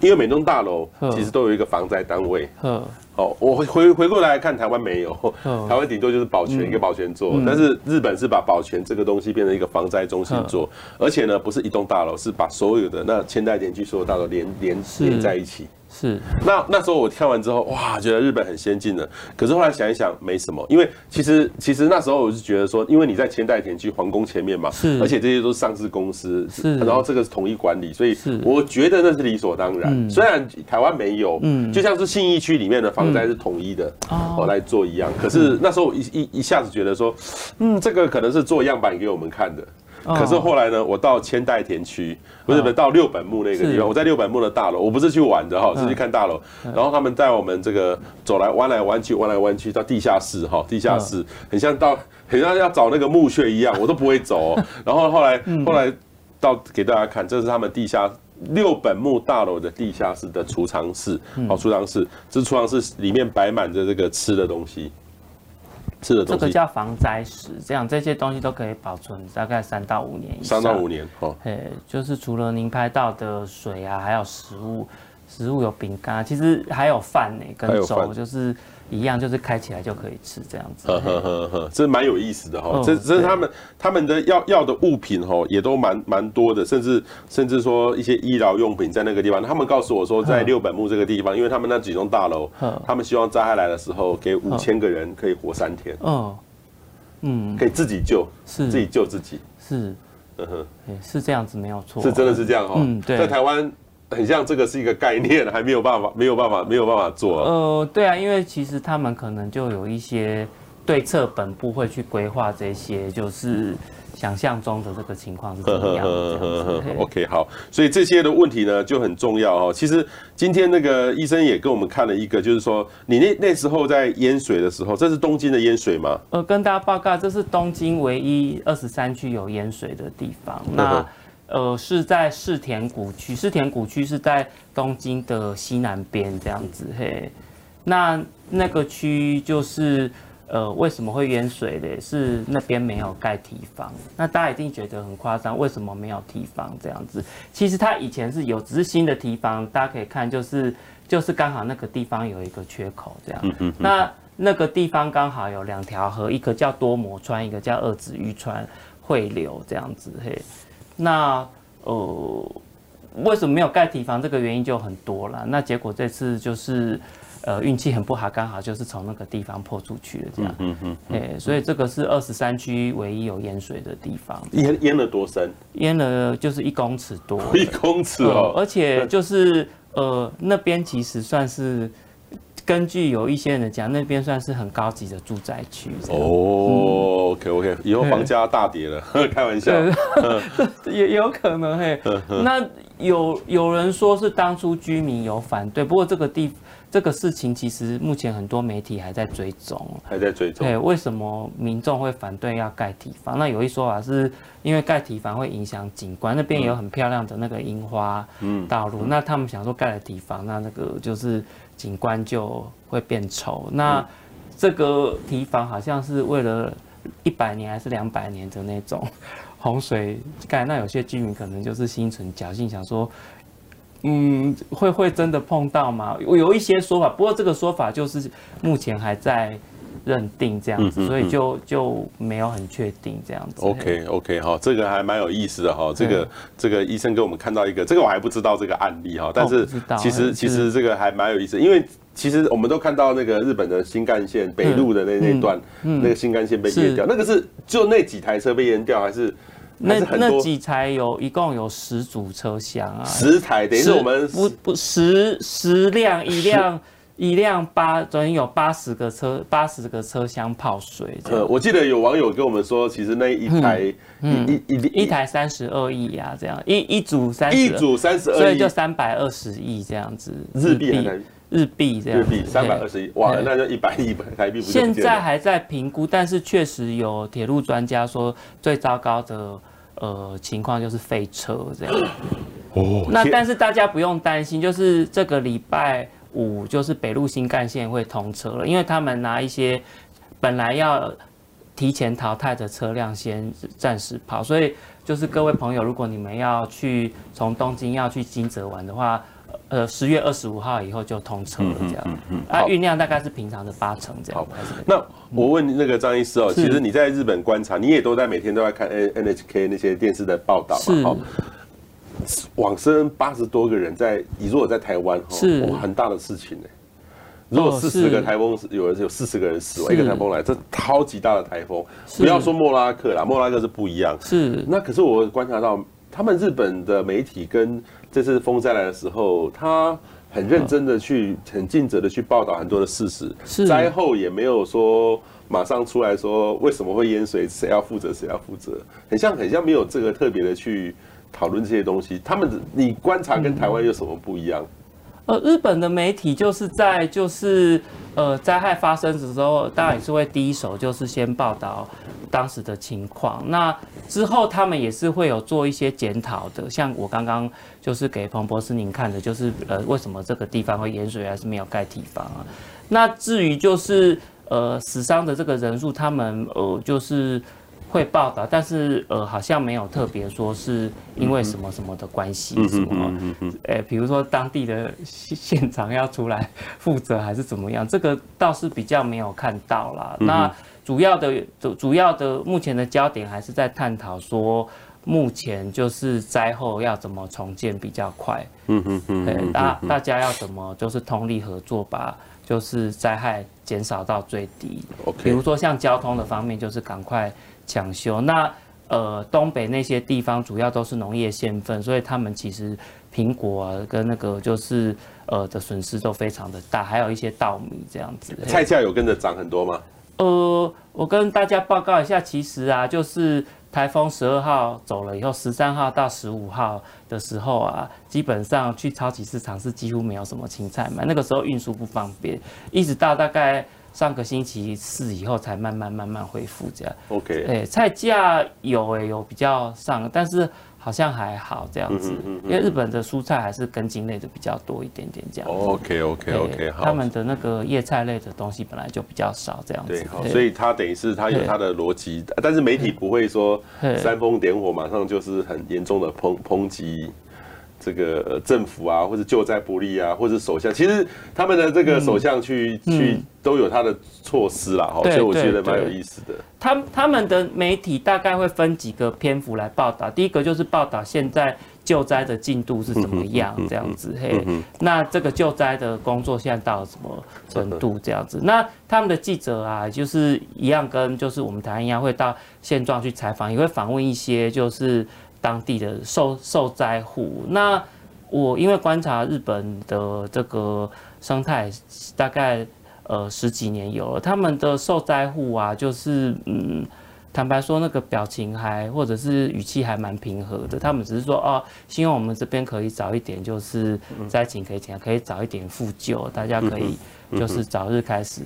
因為每棟大樓其實都有一個防災單位。哦，我回回過來看台灣沒有，台灣頂多就是保全一個保全座，嗯，但是日本是把保全這個東西變成一個防災中心座，嗯，而且呢，不是一棟大樓，是把所有的那千代田區所有大樓連連連在一起。是，那那時候我跳完之後，哇，覺得日本很先進的。可是後來想一想，沒什麼，因為其實其實那時候我就覺得說，因為你在千代田區皇宮前面嘛，是，而且這些都是上市公司，是，然後這個是統一管理，所以我覺得那是理所當然。嗯、雖然台灣沒有，嗯，就像是信義區裡面的防災是統一的、嗯、哦來做一樣，可是那時候一一一下子覺得說嗯，嗯，這個可能是做樣板給我們看的。可是後來呢，我到千代田區，不是，不是到六本木那個地方，我在六本木的大樓，我不是去玩的哈，是去看大樓。然後他們帶我們這個走來彎來彎去，彎來彎去到地下室哈，地下室很像到，很像要找那個墓穴一樣，我都不會走。然後後來，後來到給大家看，這是他們地下六本木大樓的地下室的儲藏室，好，儲藏室，這儲藏室裡面擺滿着這個吃的東西。這個叫防災食，這樣這些東西都可以保存大概三到五年以上。三到五年，好、哦。就是除了您拍到的水啊，還有食物，食物有餅乾、啊，其實還有飯呢、欸，跟粥就是。一樣就是開起來就可以吃這樣子，呵，呵，呵，這蠻有意思的哈、哦。這這他們他們的要要的物品也都蠻蠻多的，甚至甚至說一些醫療用品在那個地方。他們告訴我說，在六本木這個地方，因為他們那幾棟大樓，他們希望災害來的時候，給五千個人可以活三天。嗯、哦，嗯，可以自己救，是自己救自己，是，嗯哼，是這樣子沒有錯，是真的是這樣哈、嗯哦。對，在台灣。很像這個是一個概念，還沒有辦法，沒有辦法，沒有辦法做啊。呃，對啊，因為其實他們可能就有一些對策本部會去規劃這些，就是想象中的這個情況是怎麼樣，呵呵這樣子呵呵。OK，好，所以這些的問題呢就很重要哦。其實今天那個醫生也跟我們看了一個，就是說你那那時候在淹水的時候，這是東京的淹水嗎？呃，跟大家報告，這是東京唯一二十三區有淹水的地方。呵呵那呃，是在世田谷區，世田谷區是在東京的西南邊這樣子嘿。那那個區就是呃，為什麼會淹水呢？是那邊沒有蓋堤防。那大家一定覺得很誇張，為什麼沒有堤防這樣子？其實它以前是有，只是新的堤防。大家可以看，就是就是剛好那個地方有一個缺口這樣。嗯嗯。那那個地方剛好有兩條河，一個叫多摩川，一個叫二子玉川匯流這樣子嘿。那呃，為什麼沒有蓋堤防？這個原因就很多了。那結果這次就是，呃，運氣很不好，剛好就是從那個地方破出去的，這樣。嗯嗯。哎、嗯欸，所以這個是二十三區唯一有淹水的地方。淹淹了多深？淹了就是一公尺多。一公尺哦。呃、而且就是呃，那邊其實算是。根據有一些人講，那邊算是很高級的住宅區。哦、嗯、，OK OK，以後房價大跌了， 開玩笑， 也有可能嘿。 那有有人說是當初居民有反對，不過這個地這個事情其實目前很多媒體還在追蹤，還在追蹤。對，為什麼民眾會反對要蓋堤防？那有一說法是因為蓋堤防會影響景觀，那邊有很漂亮的那個櫻花道路、嗯，那他們想說蓋了堤防，那那個就是。景觀就會變醜。那這個堤防好像是為了一百年還是兩百年的那種洪水蓋？那有些居民可能就是心存僥倖，想說，嗯，會會真的碰到嗎？我有一些說法，不過這個說法就是目前還在。認定這樣子，所以就就沒有很確定這樣子。嗯嗯嗯 OK OK 哈、哦，這個還蠻有意思的哈、哦嗯，這個這個醫生給我們看到一個，這個我還不知道這個案例哈、哦，但是其實，、哦、其，實是其實這個還蠻有意思，因為其實我們都看到那個日本的新幹線、嗯、北陸的那那段、嗯嗯，那個新幹線被淹掉，那個是就那幾台車被淹掉還是？那是那幾台有一共有十組車廂啊，十,十台等於我們不不，不十十輛一輛。一輛八，總共有八十個車，八十個車廂泡水這。呃、嗯，我記得有網友跟我們說，其實那一台，嗯嗯、一、一、一、一台三十二億呀，這樣一、一組三十二，一組三十二億，所以就三百二十億這樣子。日幣，日幣這樣子。日幣三百二十億哇，那就一百億吧台幣不不。現在還在評估，但是確實有鐵路專家說，最糟糕的呃情況就是廢車這樣。哦。那但是大家不用擔心，就是這個禮拜。五就是北陸新幹線會通車了，因為他們拿一些本來要提前淘汰的車輛先暫時跑，所以就是各位朋友，如果你們要去從東京要去金澤玩的話，呃，十月二十五號以後就通車了，這樣嗯哼嗯哼啊，運量大概是平常的八成這樣。好，那我問那個張醫師哦、嗯，其實你在日本觀察，你也都在每天都在看 N N H K 那些電視的報道，是。往生八十多個人在，在你如果在台灣是、哦、很大的事情呢。如果四十個颱風，哦、有人有四十個人死，一個颱風來，這超級大的颱風，不要說莫拉克啦，莫拉克是不一樣。是。那可是我觀察到，他們日本的媒體跟，這次風災來的時候，他很認真的去，哦、很盡責的去報道很多的事實。是。災後也沒有說馬上出來說，為什麼會淹水，誰要負責，誰要負責，很像很像沒有這個特別的去。討論這些東西，他們你觀察跟台灣有什麼不一樣？嗯、呃，日本的媒體就是在就是呃災害發生的時候，當然也是會第一手就是先報道當時的情況。那之後他們也是會有做一些檢討的，像我剛剛就是給彭博士您看的，就是呃為什麼這個地方會淹水還是沒有蓋堤防啊？那至於就是呃死傷的這個人數，他們呃就是。會報道，但是呃，好像沒有特別說是因為什麼什麼的關係，嗯、什麼，呃，比如說當地的縣長要出來負責還是怎麼樣，這個倒是比較沒有看到啦。嗯、那主要的主主要的目前的焦點還是在探討說，目前就是災後要怎麼重建比較快，嗯嗯嗯，大大家要怎麼就是通力合作吧，把就是災害減少到最低。嗯、比如說像交通的方面，就是趕快。搶修那呃東北那些地方主要都是農業縣份，所以他們其實蘋果啊跟那個就是呃的損失都非常的大，還有一些稻米這樣子。菜價有跟着漲很多嗎？呃，我跟大家報告一下，其實啊，就是台風十二號走了以後，十三號到十五號的時候啊，基本上去超級市場是幾乎沒有什麼青菜買，那個時候運輸不方便，一直到大概。上個星期四以後才慢慢慢慢恢復這樣。OK。哎，菜價有哎有比較上，但是好像還好這樣子。嗯哼嗯哼。因為日本的蔬菜還是根莖類的比較多一點點這樣。Oh, OK OK OK，哎，OK 好。他們的那個葉菜類的東西本來就比較少這樣子。對，好。對。所以他等於是他有他的邏輯，但是媒體不會說煽風點火，馬上就是很嚴重的抨抨擊。這個政府啊，或者救災不力啊，或者首相，其實他們的這個首相去、嗯嗯、去都有他的措施啦。所以我覺得蠻有意思的。他他們的媒體大概會分幾個篇幅來報道，第一個就是報道現在救災的進度是怎麼樣、嗯、這樣子，嗯、嘿、嗯，那這個救災的工作現在到了什麼程度這樣子？那他們的記者啊，就是一樣跟就是我們台灣一樣，會到現狀去採訪，也會訪問一些就是。當地的受受災戶，那我因為觀察日本的這個生態，大概呃十幾年有了，他們的受災戶啊，就是嗯，坦白說那個表情還或者是語氣還蠻平和的，他們只是說哦、啊，希望我們這邊可以早一點，就是災情可以怎樣，可以早一點復救，大家可以。就是早日開始，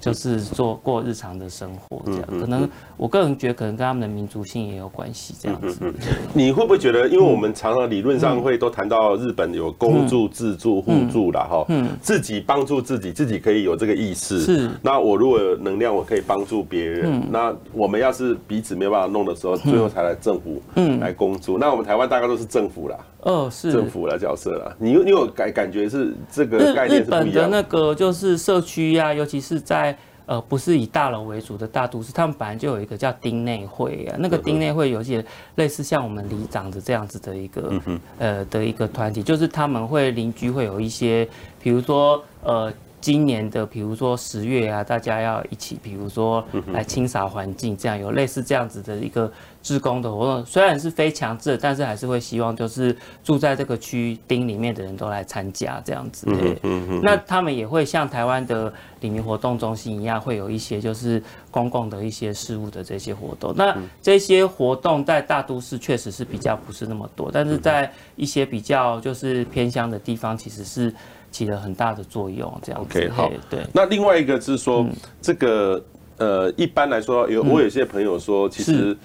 就是做過日常的生活這樣。可能我個人覺得，可能跟他們的民族性也有關係這樣子，嗯嗯嗯嗯嗯。你會不會覺得，因為我們常常理論上會都談到日本有公助、自助、互助啦齁，自己幫助自己，自己可以有這個意識。是。那我如果有能量我可以幫助別人，那我們要是彼此沒辦法弄的時候，最後才來政府，來公助。那我們台灣大概都是政府啦。哦，是政府的角色啦，你有你有感感覺是這個概念。日本的那個就是社區呀，尤其是在呃不是以大樓為主的大都市，他們本來就有一個叫町內會啊。那個町內會有些類似像我們里長的這樣子的一個呃的一個團體，就是他們會鄰居會有一些，比如說呃。今年的，比如說十月啊，大家要一起，比如說來清掃環境，這樣有類似這樣子的一個志工的活動，雖然是非強制，但是還是會希望就是住在這個區町裡面的人都來參加這樣子。對、嗯嗯嗯。那他們也會像台灣的里民活動中心一樣，會有一些就是公共的一些事務的這些活動。那這些活動在大都市確實是比較不是那麼多，但是在一些比較就是偏鄉的地方，其實是。起了很大的作用，這樣子 okay，好，對。那另外一個就是說，嗯、這個呃，一般來說，有我有些朋友說、嗯，其實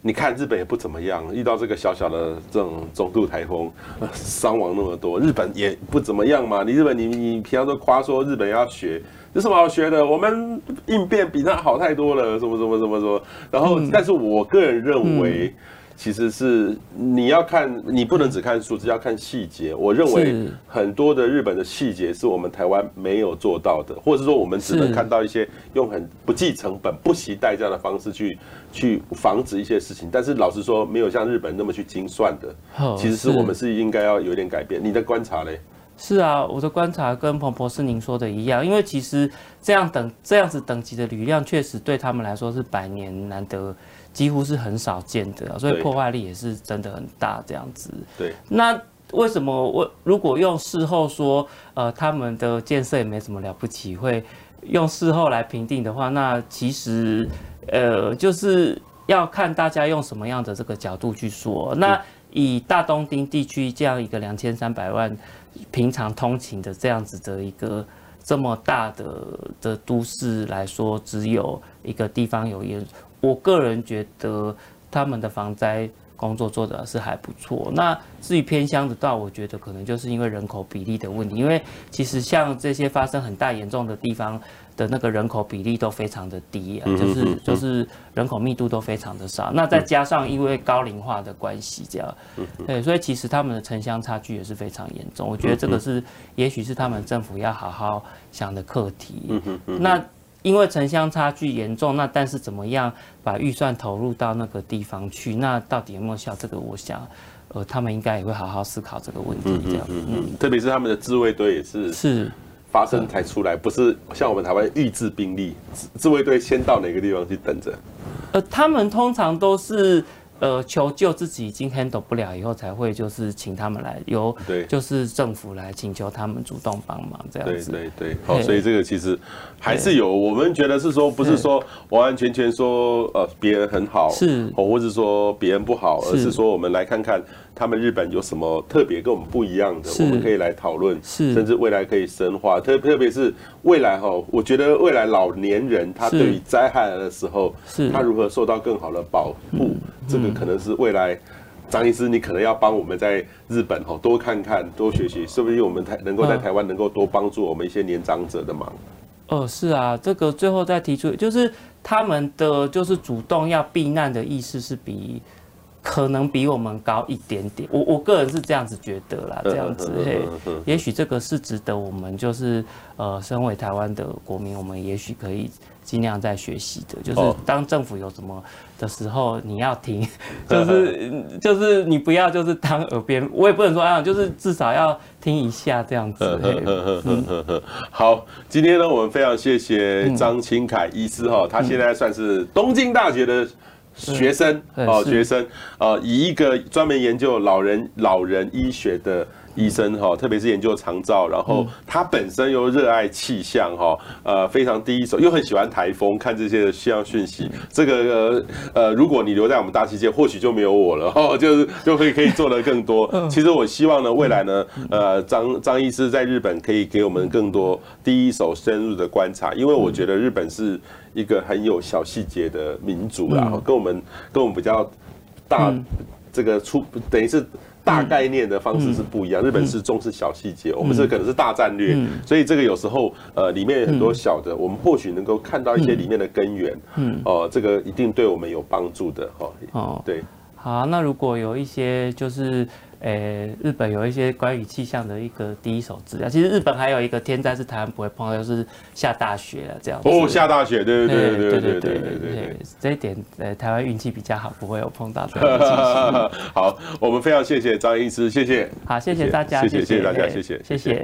你看日本也不怎麼樣，遇到這個小小的這種中度颱風，呃、傷亡那麼多，日本也不怎麼樣嘛。你日本你，你你平常都誇說日本要學，有什麼好學的？我們應變比他好太多了，什麼什麼什麼什麼。然後，但是我個人認為。嗯嗯其實是你要看，你不能只看數字，要看細節。我認為很多的日本的細節是我們台灣沒有做到的，或者是說我們只能看到一些用很不計成本、不惜代價的方式去去防止一些事情，但是老實說，沒有像日本那麼去精算的。其實是我們是應該要有點改變。你的觀察嘞？是啊，我的觀察跟彭博士您說的一樣，因為其實這樣等這樣子等級的雨量，確實對他們來說是百年難得。幾乎是很少見的，所以破壞力也是真的很大這樣子對。對，那為什麼我如果用事後說，呃，他們的建設也沒什麼了不起，會用事後來評定的話，那其實，呃，就是要看大家用什麼樣的這個角度去說。那以大東京地區這樣一個兩千三百萬平常通勤的這樣子的一個這麼大的的都市來說，只有一個地方有淹。我個人覺得他們的防災工作做的是還不錯。那至於偏鄉的話，我覺得可能就是因為人口比例的問題，因為其實像這些發生很大嚴重的地方的那個人口比例都非常的低，啊，就是就是人口密度都非常的少。那再加上因為高齡化的關係，這樣，對，所以其實他們的城鄉差距也是非常嚴重。我覺得這個是也許是他們政府要好好想的課題。嗯嗯嗯。那。因為城鄉差距嚴重，那但是怎麼樣把預算投入到那個地方去？那到底有沒有效？這個我想，呃，他們應該也會好好思考這個問題這樣。嗯嗯，嗯，嗯，特別是他們的自衛隊也是是發生才出來，不是像我們台灣預置兵力，自衛隊先到哪個地方去等着？呃，他們通常都是。呃，求救自己已經 handle 不了，以後才會就是請他們來，由，對，就是政府來請求他們主動幫忙這樣子。對對對，好。所以這個其實還是有，我們覺得是說，不是說完完全全說呃別人很好，是，或者是說別人不好，而是說我們來看看。他們日本有什麼特別跟我們不一樣的？我們可以來討論，甚至未來可以深化。特特別是未來哈，我覺得未來老年人他對於災害的時候是是，他如何受到更好的保護、嗯，這個可能是未來張醫師你可能要幫我們在日本哈多看看、多學習，是不是我們能台能夠在台灣能夠多幫助我們一些年長者的忙？哦、呃，是啊，這個最後再提出，就是他們的就是主動要避難的意識是比，可能比我們高一點點，我我個人是這樣子覺得啦，這樣子，也許這個是值得我們就是呃，身為台灣的國民，我們也許可以盡量在學習的，就是當政府有什麼的時候，你要聽，就是就是你不要就是當耳邊，我也不能說啊，就是至少要聽一下這樣子。嗯、好，今天呢，我們非常謝謝張欽凱醫師哈、哦，他現在算是東京大學的。學生哦，學生，呃，以一個專門研究老人老人醫學的。醫生哈，特別是研究長照，然後他本身又熱愛氣象哈，呃，非常第一手，又很喜歡颱風，看這些的氣象訊息。這個呃，如果你留在我們大氣界，或許就沒有我了，哈，就是就可以可以做的更多。其實我希望呢，未來呢，呃，張張醫師在日本可以給我們更多第一手深入的觀察，因為我覺得日本是一個很有小細節的民族啊，跟我們跟我們比較大，這個出等於是。大概念的方式是不一樣，嗯、日本是重視小細節，嗯，我們是可能是大戰略，嗯嗯，所以這個有時候呃裡面有很多小的，嗯、我們或許能夠看到一些裡面的根源，哦，嗯嗯呃，這個一定對我們有幫助的哦，哦，對。好，那如果有一些就是。呃，日本有一些關於氣象的一個第一手資料。其實日本還有一個天災是台灣不會碰到，就是下大雪了這樣。哦，下大雪，對對對對對對對對，這一點呃，台灣運氣比較好，不會有碰到。好，我們非常謝謝張醫師，謝謝。好，謝謝，謝，謝，謝，謝，謝，謝謝大家，謝謝大家，謝謝，謝謝。